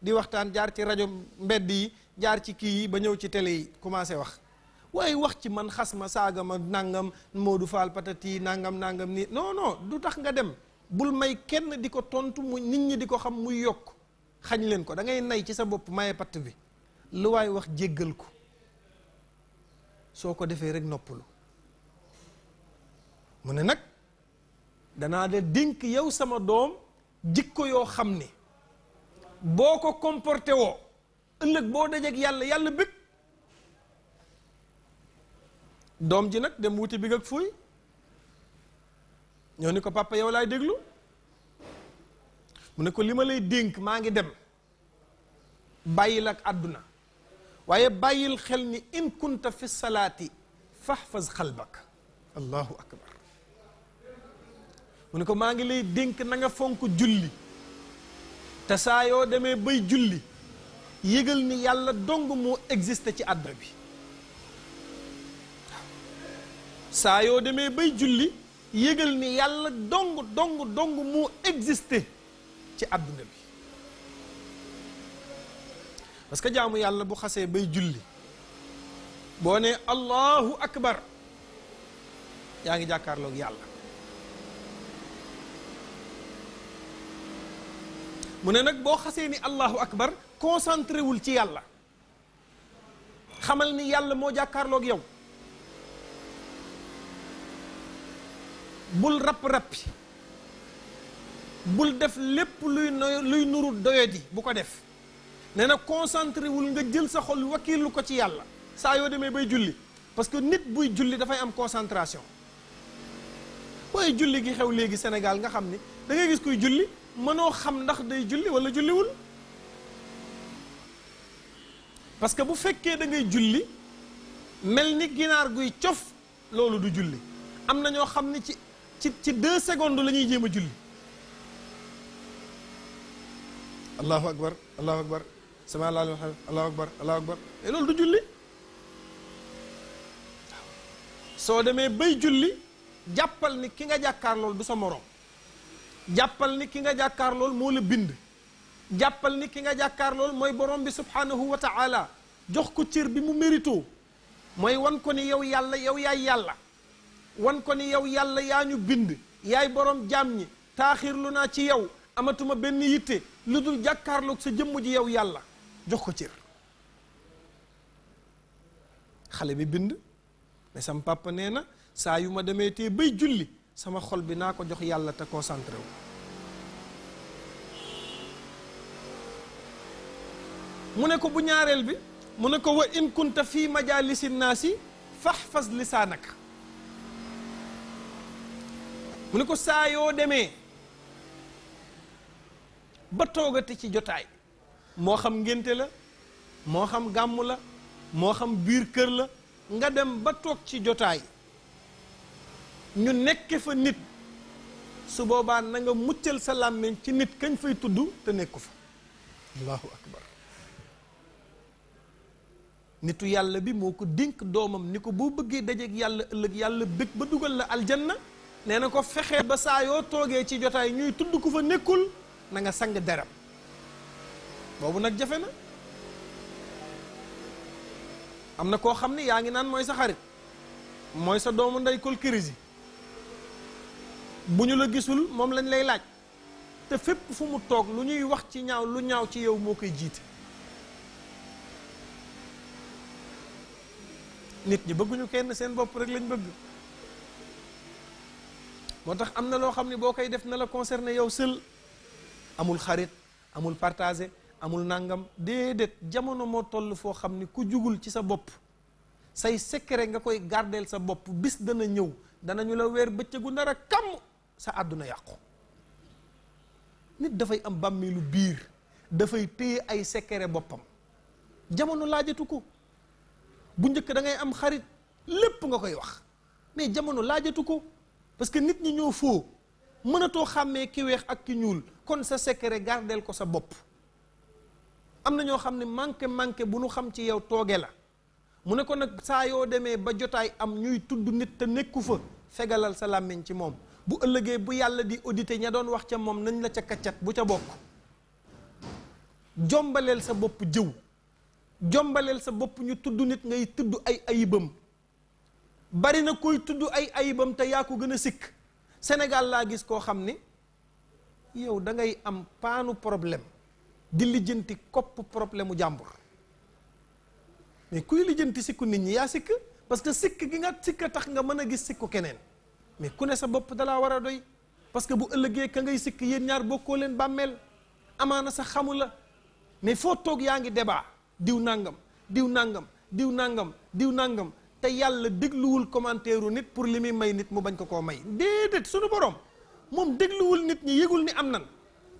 di waxtaan jaar ci rajo mbedd yi jaar ci kii yi ba ñëw ci télé yi commencé wax waaye wax ci man xas ma saaga ma nangam Modou Fall patati nangam nangam nii non non du tax nga dem bul may kenn di ko tontu mu nit ñi di ko xam muy yokk xañ leen ko dangay nay ci sa bopp maye patt bi lu waay wax jéggal ko soo ko defee rek noppalu mu ne nag danaa de dénk yow sama doom ko yoo xam ni boo ko comporté woo ëllëg boo dajeeg yàlla yàlla bëgg doom ji nag dem wuti bëgg ak fuuy ñoo ni ko papa yow laay déglu mu ne ko li ma lay dénk maa ngi dem bàyyil ak àdduna waaye bàyyil xel ni in kunta fi salaati fahfaz xalbak allahu akbar mu ne ko maa ngi lay dénk na nga fonk julli te saa yoo demee bay julli yëgal ni yàlla dong moo existe ci àdduna bi saa yoo demee bay julli yëgal ni yàlla dong dong dong moo existe ci àdduna bi parce que jaamu yàlla bu xasee bay julli boo nee allahu akbar yaa ngi jàkkaarloog yàlla mu ne nag boo xasee ni allahu akbar concentré wul ci yàlla xamal ni yàlla moo jàkkaarloog yow bul rap-rappi bul def lépp luy no luy nuru doyadi bu ko def nee na concentré wul nga jël sa xol wakiilu ko ci yàlla saa yoo demee bay julli parce que nit buy julli dafay am concentration booy julli gi xew léegi Sénégal nga xam ni da gis kuy julli mënoo xam ndax day julli wala julliwul parce que bu fekkee da ngay julli mel ni ginaar guy cof loolu du julli am na ñoo xam ni ci ci ci deux secondes la ñuy jéem a julli allahu akbar allahu akbar sama laalu xam allahu akbar allahu akbar loolu du julli soo demee bay julli jàppal ni ki nga jàkkaar lool du sa moroom jàppal ni ki nga jàkkaar lool moo la bind jàppal ni ki nga jàkkaar lool mooy borom bi subhaanahu wa ta'ala jox ko cër bi mu mérito mooy wan ko ni yow yàlla yow yaay yàlla wan ko ni yow yàlla yaa ñu bind yaay borom jaam ñi taaxirlu naa ci yow amatuma benn yitte lu dul jàkkaarloog sa jëmm ji yow yàlla jox ko cër xale bi bind mais sam nee na saa yu ma demee te bay julli sama xol bi naa ko jox yàlla te concentré wu mu ne ko bu ñaareel bi mu ne ko wa in kunta fii majalisi naasi faxfas lisaanaka mu ne ko saa yoo demee ba toogate ci jotaay moo xam ngénte la moo xam gàmm la moo xam biir kër la nga dem ba toog ci jotaay ñu nekk fa nit su boobaa na nga muccal sa làmmiñ ci nit kañ fay tudd te nekku fa nitu yàlla bi moo ko dénk doomam ni ko boo bëggee dajeeg yàlla ëllëg yàlla bëgg ba dugal la na nee na ko fexee ba saa yoo toogee ci jotaay ñuy tudd ko fa nekkul na nga sang deram boobu nag jafe na am na koo xam ne yaa ngi naan mooy sa xarit mooy sa doomu ndey kol kirisi bu ñu la gisul moom lañ lay laaj te fépp fu mu toog lu ñuy wax ci ñaaw lu ñaaw ci yow moo koy jiite nit ñi bëgguñu kenn seen bopp rek lañ bëgg moo tax am na loo xam ne boo koy def na la concerné yow seul amul xarit amul partagé amul nangam déedéet jamono moo toll foo xam ni ku jugul ci sa bopp say secret nga koy gardeel sa bopp bis dana ñëw danañu la weer bëccëgu ndara kam sa àdduna yàqu nit dafay am bàmmeelu biir dafay téye ay secret boppam jamono laajatu ko bu njëkk da ngay am xarit lépp nga koy wax mais jamono laajatu ko parce que nit ñi ñoo foo mënatoo xàmmee ki weex ak ki ñuul kon sa secret gardeel ko sa bopp am na ñoo xam ne manqué manqué bu nu xam ci yow tooge la mu ne ko nag saa yoo demee ba jotaay am ñuy tudd nit te nekku fa fegalal sa làmmiñ ci moom bu ëllëgee bu yàlla di audité ña doon wax ca moom nañ la ca kaccat bu ca bokk jombaleel sa bopp jëw jombaleel sa bopp ñu tudd nit ngay tudd ay ayibam bari na koy tudd ay ayibam te yaa ko gën a sikk Sénégal laa gis koo xam ni yow da ngay am paanu problème di lijjanti kopp problème mu jàmbur mais kuy lijjanti sikku nit ñi yaa sikk parce que sikk gi nga sikk tax nga mën a gis sikku keneen mais ku ne sa bopp dalaa war a doy parce que bu ëllëgee ka ngay sikk yéen ñaar bokkoo leen bàmmeel amaana sa xamu la mais foo toog yaa ngi débat diw nangam diw nangam diw nangam diw nangam te yàlla dégluwul commentaire nit pour li muy may nit mu bañ ko koo may déedéet suñu borom moom dégluwul nit ñi yégul ni am nan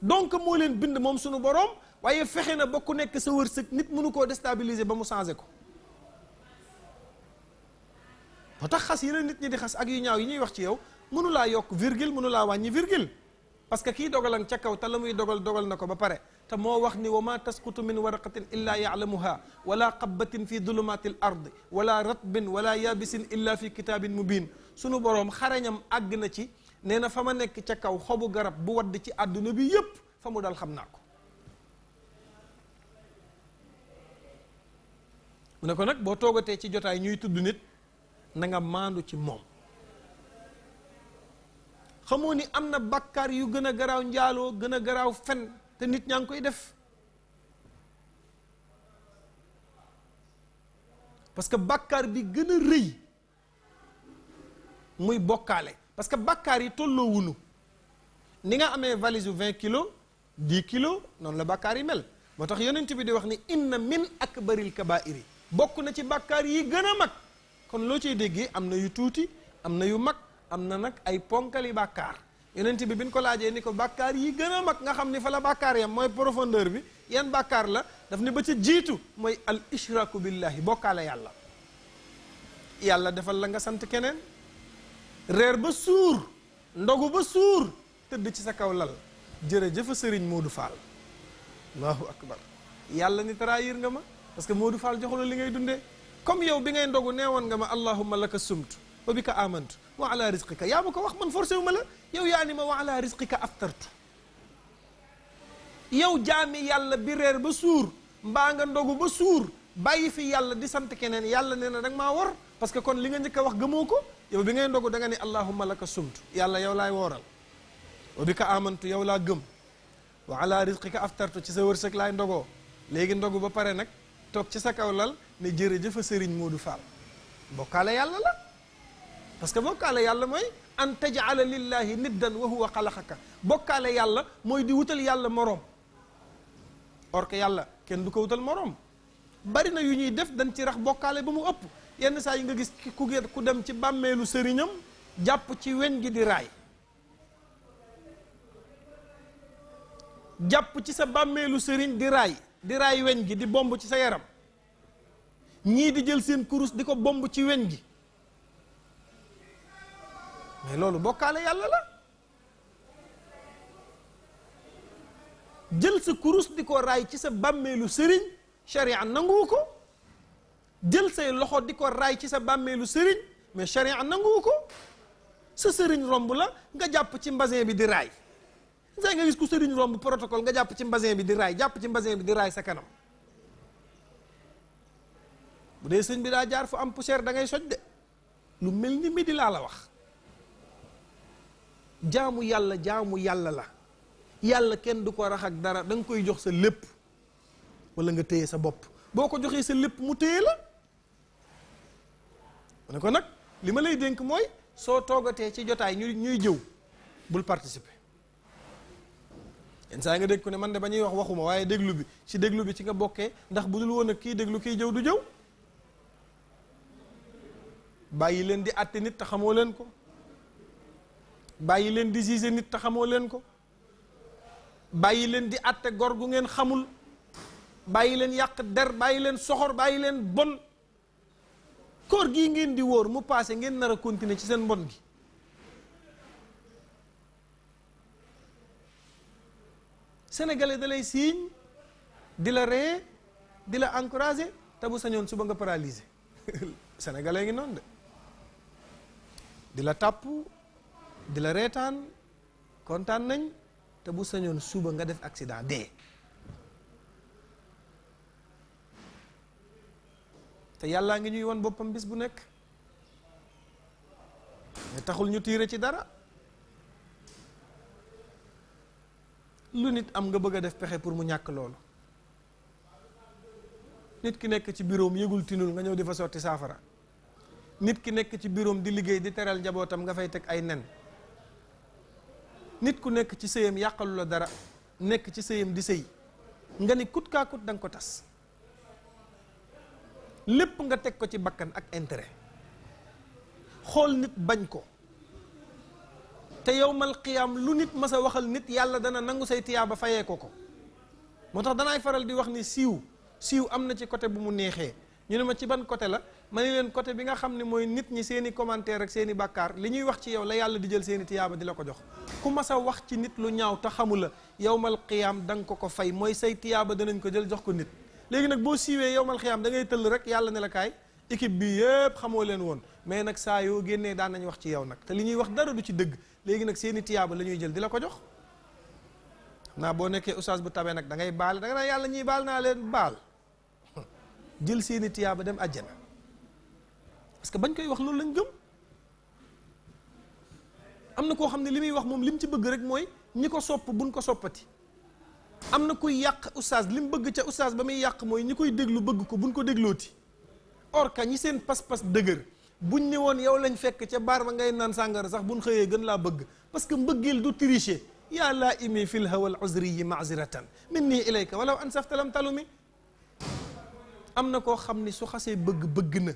donc moo leen bind moom sunu borom waaye fexe na ba ku nekk sa wërsëg nit mënu koo déstabiliser ba mu changé ko. moo tax xas yi la nit ñi di xas ak yu ñaaw yi ñuy wax ci yow mënu laa yokk virgule mënu laa wàññi virgule parce que kii dogalan ca kaw te la muy dogal dogal na ko ba pare. te moo wax ni wa ma tasqutu min waraqatin illa yaalamuha wala qabbatin fi dulumaati l ard wala ratbin wala yaabisin illa fi kitaabin mubin sunu boroom xarañam àgg na ci nee na fa ma nekk ca kaw xobu garab bu wadd ci àdduna bi yépp fa mu dal xam naa ko mu ne ko nag boo toogatee ci jotaay ñuy tudd nit na maandu ci moom xamoo ni am na bakkaar yu gën a garaaw njaaloo gën a garaaw fen te nit ñaa ngi koy def parce que bàkkaar bi gën a rëy muy bokkaale parce que bàkkaar yi tolloo wunu ni nga amee valise yu vingt kilo dix kilo noonu la bàkkaar yi mel moo tax yonent bi di wax ni inna min akbaril kabairi bokk na ci bàkkaar yi gën a mag kon loo ciy déggee am na yu tuuti am na yu mag am na nag ay ponkali bàkkaar yonent bi bi ñu ko laajee ni ko bàkkaar yi gën a mag nga xam ni fa la bàkkaar yam mooy profondeur bi yan bàkkaar la daf ni ba ca jiitu mooy al ishraaku billahi bokkaale yàlla yàlla defal la nga sant keneen reer ba suur ndogu ba suur tëdd ci sa kaw lal jërëjëf sëriñ Modou Fall allahu akbar yàlla ni trahir nga ma parce que Modou Fall joxu la li ngay dunde comme yow bi ngay ndogu nee woon nga ma allahumma laka sumtu wa bika amantu wa ala ka yaa ma ko wax man forcé wu ma la yow yaa ni ma wa ala rizqika aftartu yow jaami yàlla bi reer ba suur mbaa nga ndogu ba suur bàyyi fi yàlla di sant keneen yàlla nee na da maa war parce que kon li nga njëkk a wax gëmoo ko yow bi ngay ndogu da nga ne allahumma laka sumtu yàlla yow laay wooral wa bi ka amantu yow laa gëm wa ala rizqika aftartu ci sa wërsëg laay ndogo léegi ndogu ba pare nag toog ci sa kaw lal ne jërëjëfa sëriñ Modou Fall bokkaale yàlla parce que bokkaale yàlla mooy an tajala lillahi niddan wa huwa xalaxaka bokkaale yàlla mooy di wutal yàlla moroom or que yàlla kenn du ko wutal moroom bari na yu ñuy def dañ ci rax bokkaale ba mu ëpp yenn saa yi nga gis ku ku dem ci bàmmeelu sëriñam jàpp ci weñ gi di raay jàpp ci sa bàmmeelu sëriñ di raay di raay weñ gi di bomb ci sa yaram ñii di jël seen kurus di ko bomb ci weñ gi loolu bokkaale yàlla la jël sa kurus di ko raay ci sa bàmmeelu sëriñ sharia nanguwu ko jël say loxo di ko raay ci sa bàmmeelu sëriñ mais am nanguwu ko sa sëriñ romb la nga jàpp ci mbasin bi di raay saa nga gis ku sëriñ romb protocole nga jàpp ci mbasin bi di raay jàpp ci mbasin bi di raay sa kanam bu dee sëñ bi daa jaar fu am poussière da ngay soj de lu mel ni di laa la wax jaamu yàlla jaamu yàlla la yàlla kenn du ko rax ak dara danga koy jox sa lépp wala nga téye sa bopp boo ko joxee sa lépp mu téye la mu ne ko nag li ma lay dénk mooy soo toogatee ci jotaay ñuy ñuy jëw bul participer yenn saa yi nga dégg ko ne man de ba ñuy wax waxuma waaye déglu bi ci déglu bi ci nga bokkee ndax bu dul woon ak kii déglu kii jëw du jëw bàyyi leen di àtte nit te xamoo leen ko bàyyi leen di juger nit te xamoo leen ko bàyyi leen di àtte gor gu ngeen xamul bàyyi leen yàq der bàyyi leen soxor bàyyi leen bon kóor gi ngeen di wóor mu paase ngeen nar a ci seen mbon gi sénégalais da lay siiñ di la ree di la encourager te bu sañoon suba nga paralysé sénégalais ngi noonu de di la tàpp di la reetaan kontaan nañ te bu sañoon suba nga def accident dee te yàllaa ngi ñuy won boppam bis bu nekk taxul ñu tiire ci dara lu nit am nga bëgg def pexe pour mu ñàkk loolu nit ki nekk ci bureau am yëgul tinul nga ñëw di fa sotti saafara nit ki nekk ci bureau di liggéey di teral njabootam nga fay teg ay nen nit ku nekk ci sëyam yàqalu la dara nekk ci sëyam di sëy nga ni kut kaa kut da nga ko tas lépp nga teg ko ci bakkan ak intérêt xool nit bañ ko te yowmal qiyaam lu nit ma sa waxal nit yàlla dana nangu say tiyaaba fayee ko ko moo tax danay faral di wax ni siiw siiw am na ci côté bu mu neexee ñu ne ma ci ban côté la ma ne leen côté bi nga xam ne mooy nit ñi seeni i commentaire ak seen bàkkaar li ñuy wax ci yow la yàlla di jël seen i tiyaaba di la ko jox ku ma sa wax ci nit lu ñaaw te xamu la yowmal qiyaam da nga ko ko fay mooy say tiyaaba danañ ko jël jox ko nit léegi nag boo siiwee yowmal qiyaam da ngay tëll rek yàlla ne la kaay équipe bi yëpp xamoo leen woon mais nag saa yoo génnee daan nañ wax ci yow nag te li ñuy wax dara du ci dëgg léegi nag seeni i tiyaaba la ñuy jël di la ko jox naa boo nekkee oustaz bu tabee nag da ngay baal da nga yàlla ñuy baal naa leen baal jël seen i dem àjjana parce que bañ koy wax loolu lañ gëm am na koo xam ne li muy wax moom li mu ci bëgg rek mooy ñi ko sopp buñ ko soppati am na kuy yàq oustaz li bëgg ca oustaz ba muy yàq mooy ñi koy déglu bëgg ko buñ ko déglooti or ka ñi seen pas-pas dëgër buñ ne woon yow lañ fekk ca baar ba ngay naan sàngara sax buñ xëyee gën laa bëgg parce que mbëggeel du tricher yaa laa yi fi lhawa nii maziratan minni ilayka walaw ansafta lam talumi am na koo xam ni su xasee bëgg bëgg na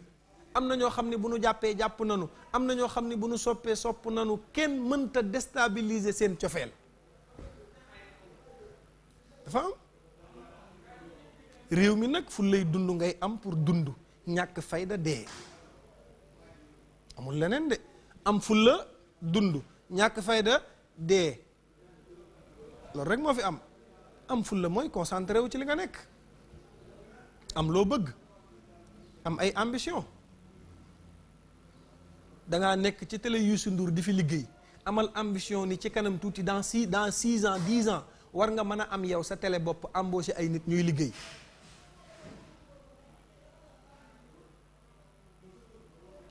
am na ñoo xam ne bu nu jàppee jàpp nanu am na ñoo xam ne bu nu soppee sopp nanu kenn mënta déstabiliser seen cofeel dafa am réew mi nag fu lay dund ngay am pour dund ñàkk fayda dee amul leneen am fulla dund ñàkk fayda dee loolu rek moo fi am am fulla mooy concentré wu ci li nga nekk am loo bëgg am ay ambition da ngaa nekk ci tele Youssou Ndour di fi liggéey amal ambition ni ci kanam tuuti dans six dans six ans dix ans war nga mën a am yow sa télé bopp embauché ay nit ñuy liggéey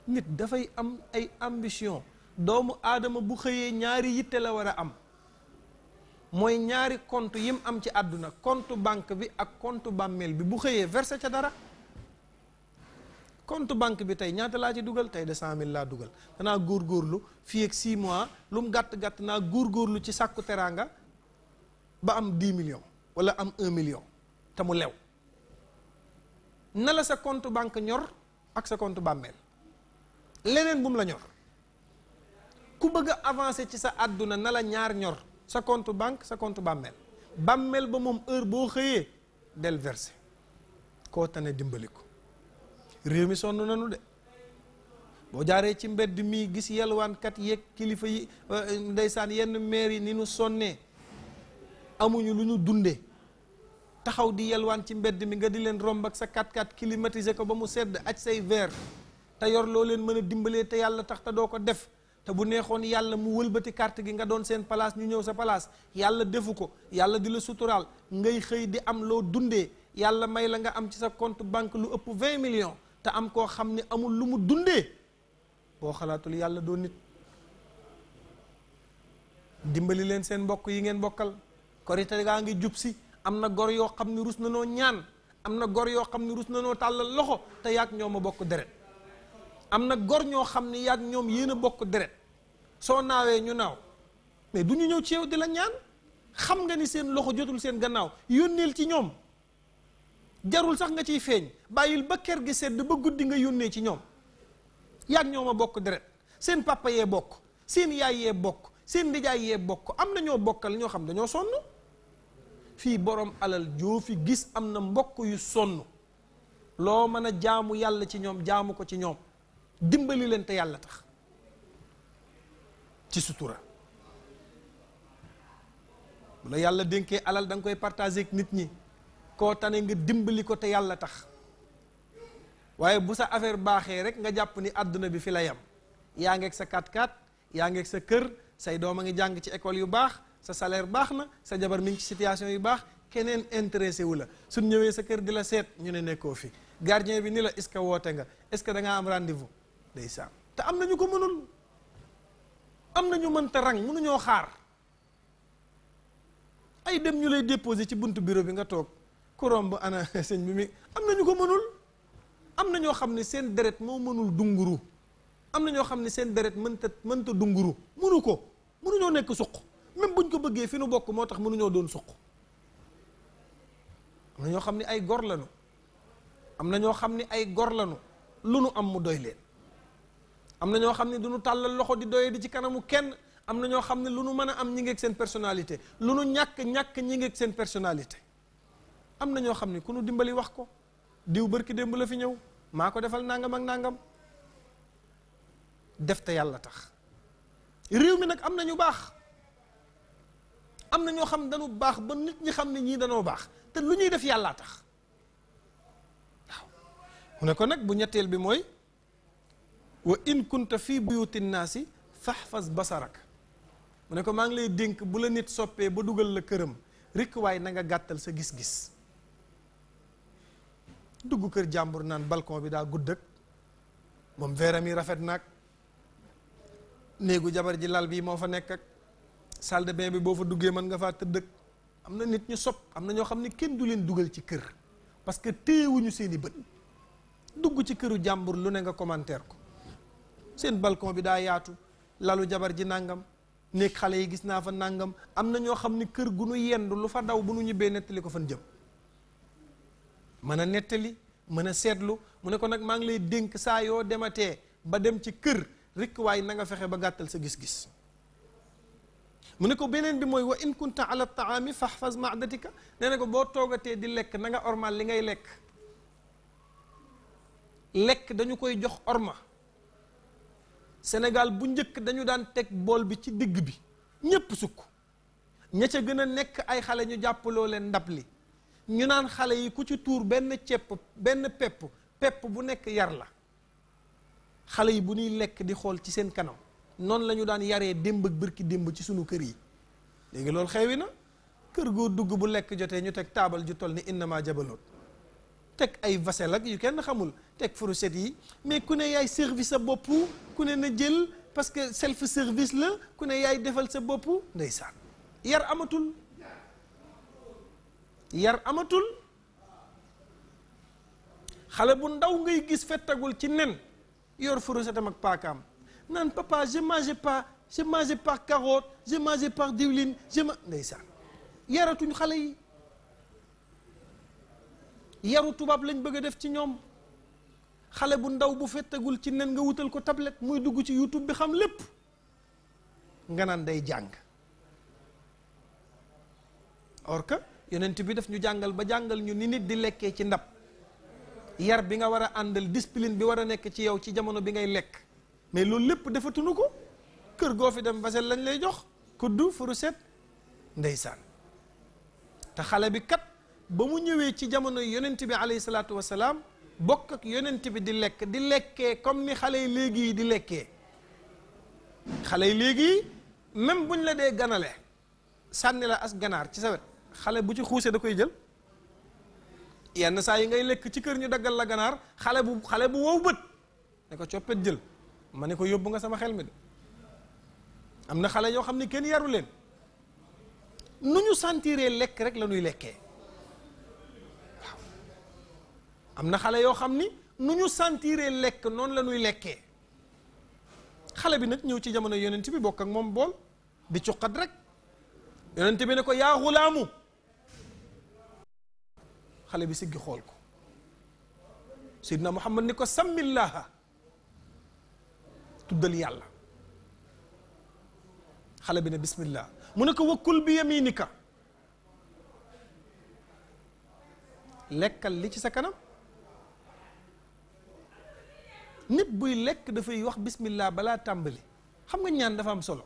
nit dafay am ay ambition doomu aadama bu xëyee ñaari yitte la war a am mooy ñaari compte yim am ci àdduna compte banque bi ak compte bàmmeel bi bu xëyee versé ca dara compte banque bi tey ñaata laa ci dugal tey de cent mille laa dugal danaa góorgóorlu fii ak six mois lu mu gàtt-gàtt naa góor góorlu ci sàkku teraanga ba am dix millions wala am un million te mu lew na la sa compte banque ñor ak sa compte bàmmeel leneen bu mu la ñor ku bëgg avancé ci sa àdduna na la ñaar ñor sa compte banque sa compte bàmmeel bàmmeel ba moom heure boo xëyee del verse koo tane dimbali ko réew mi sonn nanu de boo jaaree ci mbedd mi gis yelwaankat yeeg kilifa yi euh, ndeysaan yenn maire yi ni nu sonnee amuñu lu ñu dundee taxaw di yelwaan ci mbedd mi nga di leen romb ak sa 4x4 ko ba mu sedd ak say verre te yor loo leen mën a dimbalee te yàlla tax te doo ko def te bu neexoon yàlla mu wëlbati carte gi nga doon seen place ñu ñëw sa place yàlla defu ko yàlla di la suturaal ngay xëy di am loo dundee yàlla may la nga am ci sa compte banque lu ëpp 20 millions te am koo xam ni amul lu mu dundee boo xalaatul yàlla doon nit dimbali leen seen mbokk yi ngeen bokkal korite gaa ngi jub si am na gor yoo xam ni rus na noo ñaan am na gor yoo xam ni rus na noo tàllal loxo te yaag ñoom a bokk deret am na gor ñoo xam ni yaag ñoom yéen a bokk deret soo naawee ñu naaw mais du ñu ñëw ci yow di la ñaan xam nga ni seen loxo jotul seen gannaaw yónneel ci ñoom jarul sax nga ciy feeñ bàyyil ba kër gi sedd ba guddi nga yónnee ci ñoom yaag ñoom ma bokk deret seen papa yee bokk seen yaay yee bokk seen ndijaay yee bokk am na ñoo bokkal ñoo xam dañoo sonn fii boroom alal joo fi gis am na mbokk yu sonn loo mën a jaamu yàlla ci ñoom jaamu ko ci ñoom dimbali leen te yàlla tax ci sutura bu la yàlla denkee alal danga koy partager ak nit ñi koo tane nga dimbali ko te yàlla tax waaye bu sa affaire baaxee rek nga jàpp ni àdduna bi fi la yam yaa ngeeg sa 4 x yaa ngeeg sa kër say doom a ngi jàng ci école yu baax sa salaire baax na sa jabar mi ngi ci situation yu baax keneen intéressé wu la suñ ñëwee sa kër di la seet ñu ne nekkoo fi gardien bi ni la est woote nga est-ce que da am rendez-vous day saam te am na ñu ko mënul am na ñu mënta rang mënuñoo xaar ay dem ñu lay déposer ci buntu bureau bi nga toog. ku bu ana sëñ bi mi am na ñu ko mënul am na ñoo xam ne seen deret moo mënul dunguru am na ñoo xam ne seen deret mënta mënta dunguru mënu ko mënuñoo nekk suq même buñ ko bëggee fi bokk moo tax mënuñoo doon suq ñoo xam ne ay gor lañu am na ñoo xam ne ay gor lañu lu nu am mu doy leen am na ñoo xam ne du nu tàllal loxo di doye di ci kanamu kenn am na ñoo xam ne lu nu mën a am ñi ngeeg seen personnalité lu nu ñàkk ñàkk ñi ngeeg seen personnalité am na ñoo xam ne ku nu dimbali wax ko diw bërki démb la fi ñëw maa ko defal nangam ak nangam def te yàlla tax réew mi nag am na ñu baax am na ñoo xam dañu baax ba nit ñi xam ne ñii danoo baax te lu ñuy def yàllaa tax waaw mu ne ko nag bu ñetteel bi mooy wa in kunta fii buyuti naasi sa basarak mu ne ko maa ngi lay dénk bu la nit soppee ba dugal la këram rekk waaye na nga gàttal sa gis-gis dugg kër jàmbur naan balcon bi daa gudd ak moom veeram yi rafet nag néegu jabar ji lal bii moo fa nekk ak salle de bi boo fa duggee mën nga faa tëdd ak am na nit ñu sob am na ñoo xam ne kenn du leen dugal ci kër parce que téyewuñu seen i bët dugg ci këru jàmbur lu ne nga commentaire ko seen balcon bi daa yaatu lalu jabar ji nangam nekk xale yi gis naa fa nangam am na ñoo xam ne kër gu nu yendu lu fa daw bu nu ñibbee nettali ko fan jëm mën a nettali mën a seetlu mu ne ko nag maa ngi lay dénk saa yoo dematee ba dem ci kër rekk waaye na fexe ba gàttal sa gis-gis mu ne ko beneen bi mooy wa in kunta ala taami fahfaz maadatika nee na ko boo toogatee di lekk nanga nga ormal li ngay lekk lekk dañu koy jox orma senegal bu njëkk dañu daan teg bool bi ci digg bi ñépp sukk ña ca gën a nekk ay xale ñu jàppaloo leen ndab li ñu naan xale yi ku ci tuur benn cepp benn pepp pepp bu nekk yar la xale yi bu ñuy lekk di xool ci seen kanam noonu la ñu daan yaree démb ak bërki démb ci sunu kër yi léegi loolu xewi na kër goo dugg bu lekk jotee ñu teg taabal ju toll ni innama jabaloot teg ay vaisselle ak yu kenn xamul teg fourchette yi mais ku ne yaay service sa bopp ku ne na jël parce que self service la ku ne yaay defal sa bopp ndeysaan yar amatul yar amatul xale bu ndaw ngay gis fettagul ci nen yor furusetam ak paakaam naan papa je mange pas je mange pas carotte je mange pas diwlin je ma ndeysaan yaratuñ xale yi yaru tubaab lañ bëgg a def ci ñoom xale bu ndaw bu fettagul ci nen nga wutal ko tablette muy dugg ci youtube bi xam lépp nga naan day jàng yonent bi daf ñu jàngal ba jàngal ñu ni nit di lekkee ci ndab yar bi nga war a àndal discipline bi war a nekk ci yow ci jamono bi ngay lekk mais loolu lépp defatunu ko kër goo fi dem vaisselle lañ lay jox kuddu fourchette ndeysaan te xale bi kat ba mu ñëwee ci jamono yonent bi alayhi salaatu wasalaam bokk ak yonent bi di lekk di lekkee comme ni xale yi léegi yi di lekkee xale yi léegi même buñ la dee ganale sànni la as ganaar ci sa wet xale bu ci xuuse da koy jël yenn saa yi ngay lekk ci kër ñu daggal la ganaar xale bu xale bu wow bët ne ko coppet jël ma ne ko yóbbu nga sama xel mi de am na xale yoo xam ne kenn yaru leen nu ñu sentiree lekk rek la ñuy lekkee am na xale yoo xam ni nu ñu sentiree lekk noonu la ñuy lekkee xale bi nag ñëw ci jamono yonent bi bokk ak moom bool di cuqat rek yonent bi ne ko yaa xulaamu xale bi siggi xool ko seydina muhammad ni ko sàmmillaaha tuddal yàlla xale bi ne bismillah mu ne ko wakkul bi yaminika lekkal li ci sa kanam nit buy lekk dafay wax bismillah balaa tàmbali xam nga ñaan dafa am solo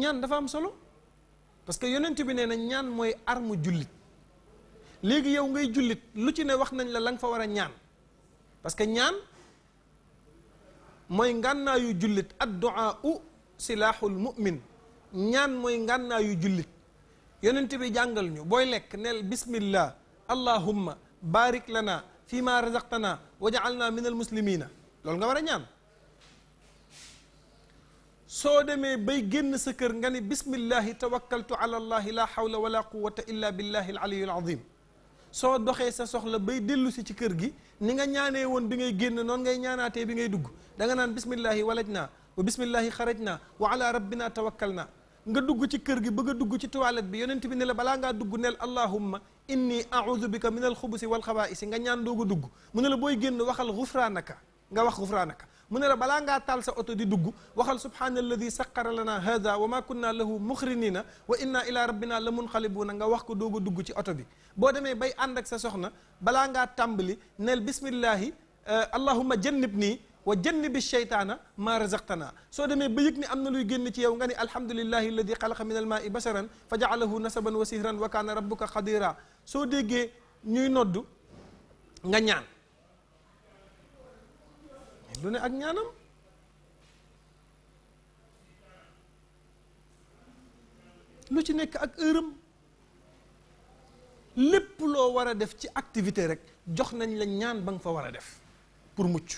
ñaan dafa am solo parce que yonent bi nee na ñaan mooy armu jullit léegi yow ngay jullit lu ci ne wax nañ la la nga fa war a ñaan parce que ñaan mooy ngànnaayu jullit adduaa u silaaxul ñaan mooy ngànnaayu jullit yonent bi jàngal ñu booy lekk neel bismillah allahumma barik lana fi ma razaqtana wajaalna min al muslimina loolu nga war a ñaan soo demee bay génn sa kër nga ni bismillahi tawakkaltu ala allahi la hawla wala quwata illa billahi al aliyul soo doxee sa soxla bay dellu si ci kër gi ni nga ñaanee woon bi ngay génn noonu ngay ñaanaatee bi ngay dugg da nga naan bismillahi walaj naa wa bismillahi xaraj naa wa ala rabbina tawakkal naa nga dugg ci kër gi bëgg a dugg ci toilette bi yonent bi ne la balaa ngaa dugg neel allahumma inni audu bika min alxubusi walxabaisi nga ñaan doog a dugg mu ne la booy génn waxal gufraanaka nga wax gufraanaka mu ne la balaa ngaa taal sa oto di dugg waxal subhaana alladi saqara lana hada wa ma kunna lahu muxrinina wa inna ila rabbina la munqalibuna nga wax ko doog a dugg ci oto bi boo demee bay ànd ak sa soxna balaa ngaa tàmbali neel bismillahi eh, allahuma jannib nii wa jannibi sheytaana maa razaqtana soo demee ba yëg ni am na luy génn ci yow nga ni alhamdulillahi alladi xalaqa min almaai basaran fa jaalahu nasaban wa sihran wa kaana rabbuka qadira soo déggee ñuy noddu nga ñaan lu ne ak ñaanam lu ci nekk ak ërëm lépp loo war a def ci activité rek jox nañ la ñaan ba nga fa war a def pour mucc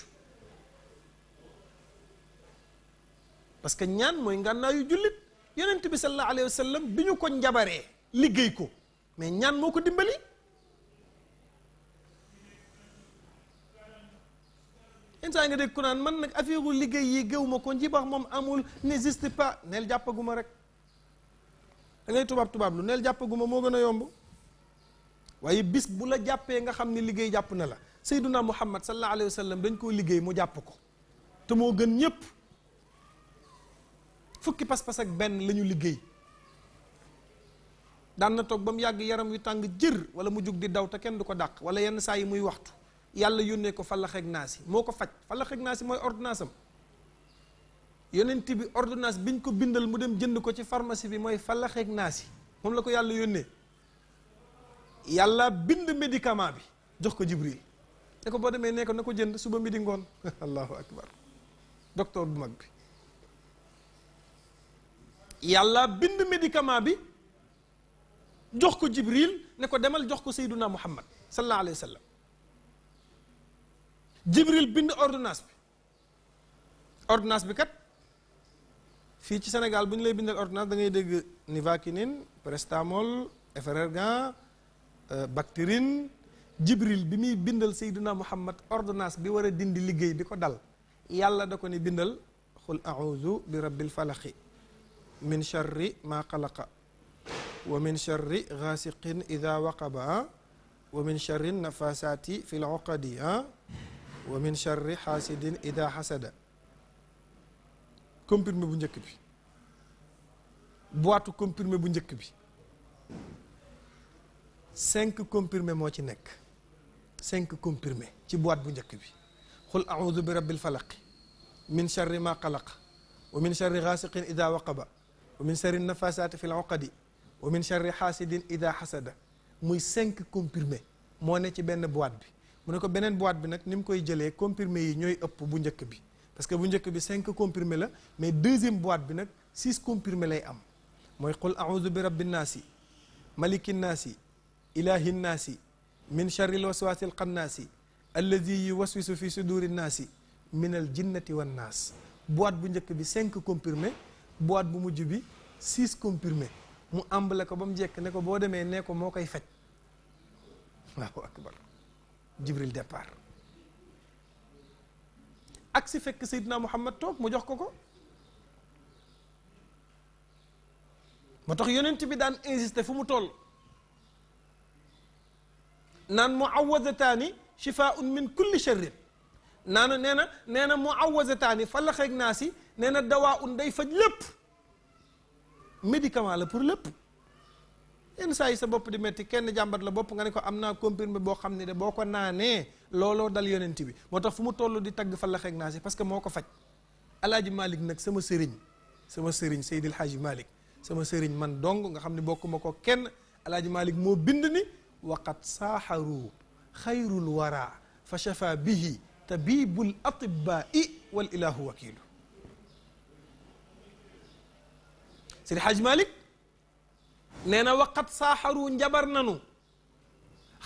parce que ñaan mooy ngànnaayu jullit yonent bi sallallahu alayhi wa sallam bi ñu ko njabaree liggéey ko mais ñaan moo ko dimbali insa nga naan man nag affaire liggéey yi gëw ko njibax moom amul n'existe pas jàppaguma rek tubaab tubaab lu neel jàppaguma moo gën a yomb waaye bis bu la jàppee nga xam ne liggéey jàpp na la sayduna muhammad sallallahu alayhi wa sallam dañ koo liggéey mu jàpp ko te moo gën ñëpp fukki pas-pas ak benn la ñu liggéey daan na toog ba mu yàgg yaram wi tàng jër wala mu jug di daw te kenn du ko dàq wala yenn saa yi muy waxtu yàlla yónnee ko fallaxeeg naasi moo ko faj naa si mooy ordonnance am yonent bi ordonnance biñ ko bindal mu dem jënd ko ci pharmacie bi mooy naa si moom la ko yàlla yónnee yàlla bind médicament bi jox ko jibril ne ko boo demee ne na ko jënd suba midi ngoon allahu akbar bu mag bi yàlla bind médicament bi jox ko jibril ne ko demal jox ko sayduna muhammad sallallahu alayhi wa sallam Jibril bind ordonnance bi ordonnance bi kat fii ci senegal bu ñu lay bindal ordonnance da ngay dégg nivaquine Prestamol Efferalgan euh, Bactérine Jibril bi muy bindal Seydina Muhammad ordonnance bi war a dindi liggéey bi ko dal yàlla da ko ni bindal xul auzu bi rabbil falaqi min charri ma xalaqa wa min charri gaasiqin ida waqaba wa min charri nafasaati fi l uqadi wa min charri xaasidin ida xasada comprimé bu njëkk bi boitu comprimé bu njëkk bi cinq comprimer moo ci nekk cinq comprimer ci boîte bu njëkk bi xul audu bi rabbil falaqi min charri ma xalaq wa min charri xaasiqin ida waqaba wa min charri fi l uqadi wa min charri ida xasada muy cinq comprimé moo ne ci benn boit bi mu ne ko beneen boîte bi nag ni mu koy jëlee comprimer yi ñooy ëpp bu njëkk bi parce que bu njëkk bi cinq comprimé la mais deuxième boîte bi nag six comprimé lay am mooy qul audu bi rabbi naasi maliki naasi ilahi naasi min charril waswaasi alxannaasi alladi yuwaswisu fi suduri naasi min al jinnati wan naas boîte bu njëkk bi cinq comprimé boîte bu mujj bi six comprimé mu àmbale ko ba mu jekk ne ko boo demee nee ko moo koy faj jibril départ ak si fekk Seydina Muhammad toog mu jox ko ko moo tax yonent bi daan insister fu mu toll naan muawazataani shifaun min kulli sharrin naana nee na nee na muawazataani falaxeeg naa si nee na dawaa un day faj lépp médicament la pour lépp yenn yi sa bopp di métti kenn jàmbat la bopp nga ne ko am naa comprimé boo xam ne de boo ko naanee looloo dal yonent bi moo tax fu mu toll di tagg fa la naa si parce que moo ko faj alaaji malik nag sama sëriñ sama sëriñ Seydil Hadji sama sëriñ man dong nga xam ne bokkuma ko kenn alaaji malik moo bind ni waqat saaxaru xayrul wara fa shafa bihi tabibul atibbaai wal ilahu wakilu Seydi Hadji Malick nee na waqat saaxaru njabar nanu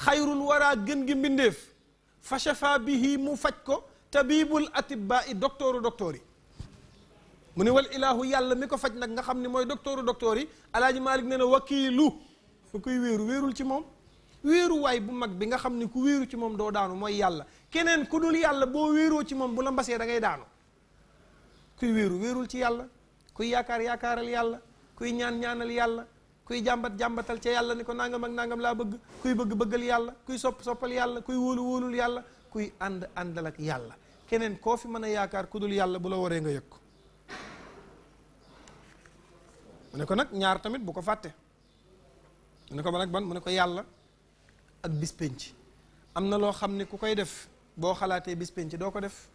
xayrul waraa gën gi mbindeef fa shafa mu faj ko tabibul atibaa i docteuru docteur yi mu ne wal ilaahu yàlla mi ko faj nag nga xam ne mooy docteuru docteur yi alaaji Malik nee na wakiilu fu koy wéeru wéerul ci moom wéeruwaay bu mag bi nga xam ne ku wéeru ci moom doo daanu mooy yàlla keneen ku dul yàlla boo wéeroo ci moom bu la mbasee da ngay daanu kuy wéeru wéerul ci yàlla kuy yaakaar yaakaaral yàlla kuy ñaan ñaanal yàlla kuy jàmbat jàmbatal ca yàlla ni ko nangam ak nangam laa bëgg kuy bëgg bëggal yàlla kuy sopp soppal yàlla kuy wóolu wóolul yàlla kuy ànd àndal ak yàlla keneen koo fi mën a yaakaar ku dul yàlla bu la waree nga yëg ko mu ne ko nag ñaar tamit bu ko fàtte mu ne ko man ak ban mu ne ko yàlla ak bis penc am na loo xam ne ku koy def boo xalaatee bis penc doo ko def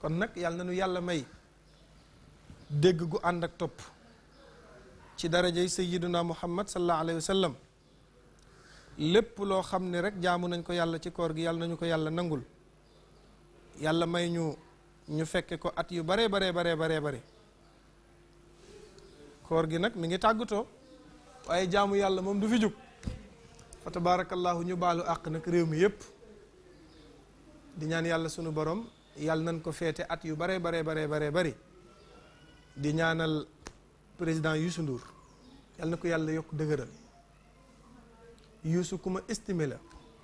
kon nag yàlla na nu yàlla may dégg gu ànd ak topp ci darajay sayyiduna muhammad sallallahu alayhi wa sallam lépp loo xam ne rek jaamu nañ ko yàlla ci koor gi yàlla nañu ko yàlla nangul yàlla may ñu ñu fekke ko at yu bare bare bare bare bare koor gi nag mi ngi tàggatoo waaye jaamu yàlla moom du fi jóg fa tabaarakallaahu ñu baalu àq nag réew mi yépp di ñaan yàlla sunu borom yàlla nañ ko feete at yu bare bare bare bare bari di ñaanal président Youssou Ndour yàlla na ko yàlla yokk dëgëral Youssou ku ma estimé la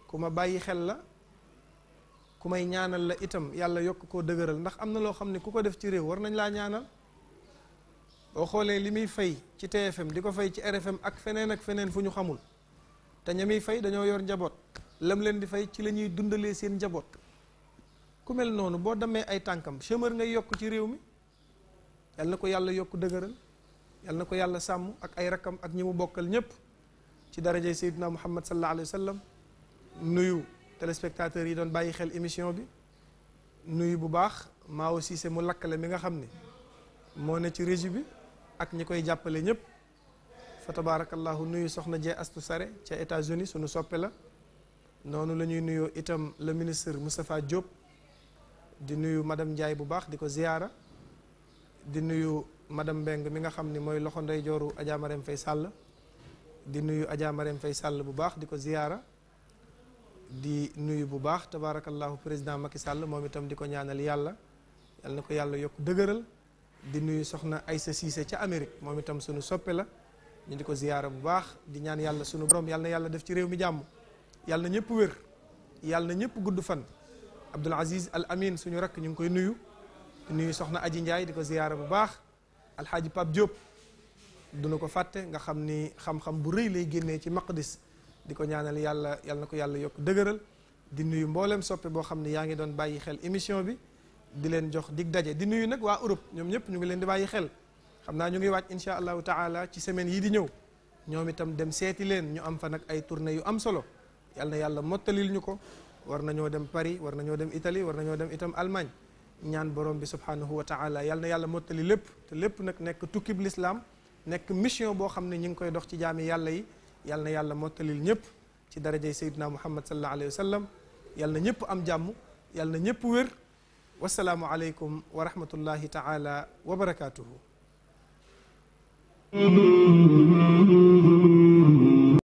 ku ma bàyyi xel la ku may ñaanal la itam yàlla yokk koo dëgëral ndax am na loo xam ne ku ko def ci réew war nañ laa ñaanal boo xoolee li muy fay ci TFM di ko fay ci RFM ak feneen ak feneen fu ñu xamul te ña muy fay dañoo yor njaboot lam leen di fay ci la ñuy dundalee seen njaboot ku mel noonu boo demee ay tànkam chômeur ngay yokk ci réew mi yàlla na ko yàlla yokk dëgëral yal na ko yàlla sàmm ak ay rakam ak ñi mu bokkal ñëpp ci darajay sayyidina muhammad sallallahu alayhi sallam nuyu téléspectateurs yi doon bàyyi xel émission bi nuyu bu baax maa aussi c'est mu lakkale mi nga xam ni moo ne ci régie bi ak ñi koy jàppale ñëpp fa tabarakallahu nuyu soxna jee astu sare ca États-Unis sunu soppe la noonu la ñuy nuyoo itam le ministre Moustapha Diop di nuyu madame Ndiaye bu baax di ko ziyaara di nuyu madame Mbengue mi nga xam ni mooy loxo ndeyjooru Adja fay Faye Sall di nuyu Adja fay sàll bu baax di ko ziyaara di nuyu bu baax tabaarakallahu président Macky sàll moom itam di ko ñaanal yàlla yal ko yàlla yokk dëgëral di nuyu soxna Aïssa Cissé ca Amérique moom itam sunu soppe la ñu di ko ziyaara bu baax di ñaan yàlla sunu borom yàlla yàlla def ci réew mi jàmm yàlla na ñëpp wér yal na ñëpp gudd fan Abdoul Aziz Al Amin suñu rakk ñu ngi koy nuyu nuyu soxna Aji Ndiaye di ko ziyaara bu baax alxaaji Pape Diop duna ko fàtte nga xam ni xam-xam bu rëy lay génnee ci maqadis di ko ñaanal yàlla yàlla ko yàlla yokk dëgëral di nuyu mbooleem soppe boo xam ne yaa ngi doon bàyyi xel émission bi di leen jox dig daje di nuyu nag waa Europe ñoom ñëpp ñu ngi leen di bàyyi xel xam naa ñu ngi waaj incha allahu taala ci semaine yii di ñëw ñoom itam dem seeti leen ñu am fa nag ay tournée yu am solo yàlla na yàlla mottalil ñu ko war na ñoo dem Paris war nañoo dem Italie war nañoo dem itam Allemagne ñaan borom bi subhanahu wa taala yal na yàlla mottali lépp te lépp nag nekk tukkib lislaam nekk mission boo xam ne ñu ngi koy dox ci jaami yàlla yi yal na yàlla mottalil ñëpp ci darajay sayyidina muhammad sallallahu alayhi wa sallam yal na ñëpp am jàmm yal na ñëpp wér wasalaamu aleykum wa rahmatullahi taala wa barakaatuhu.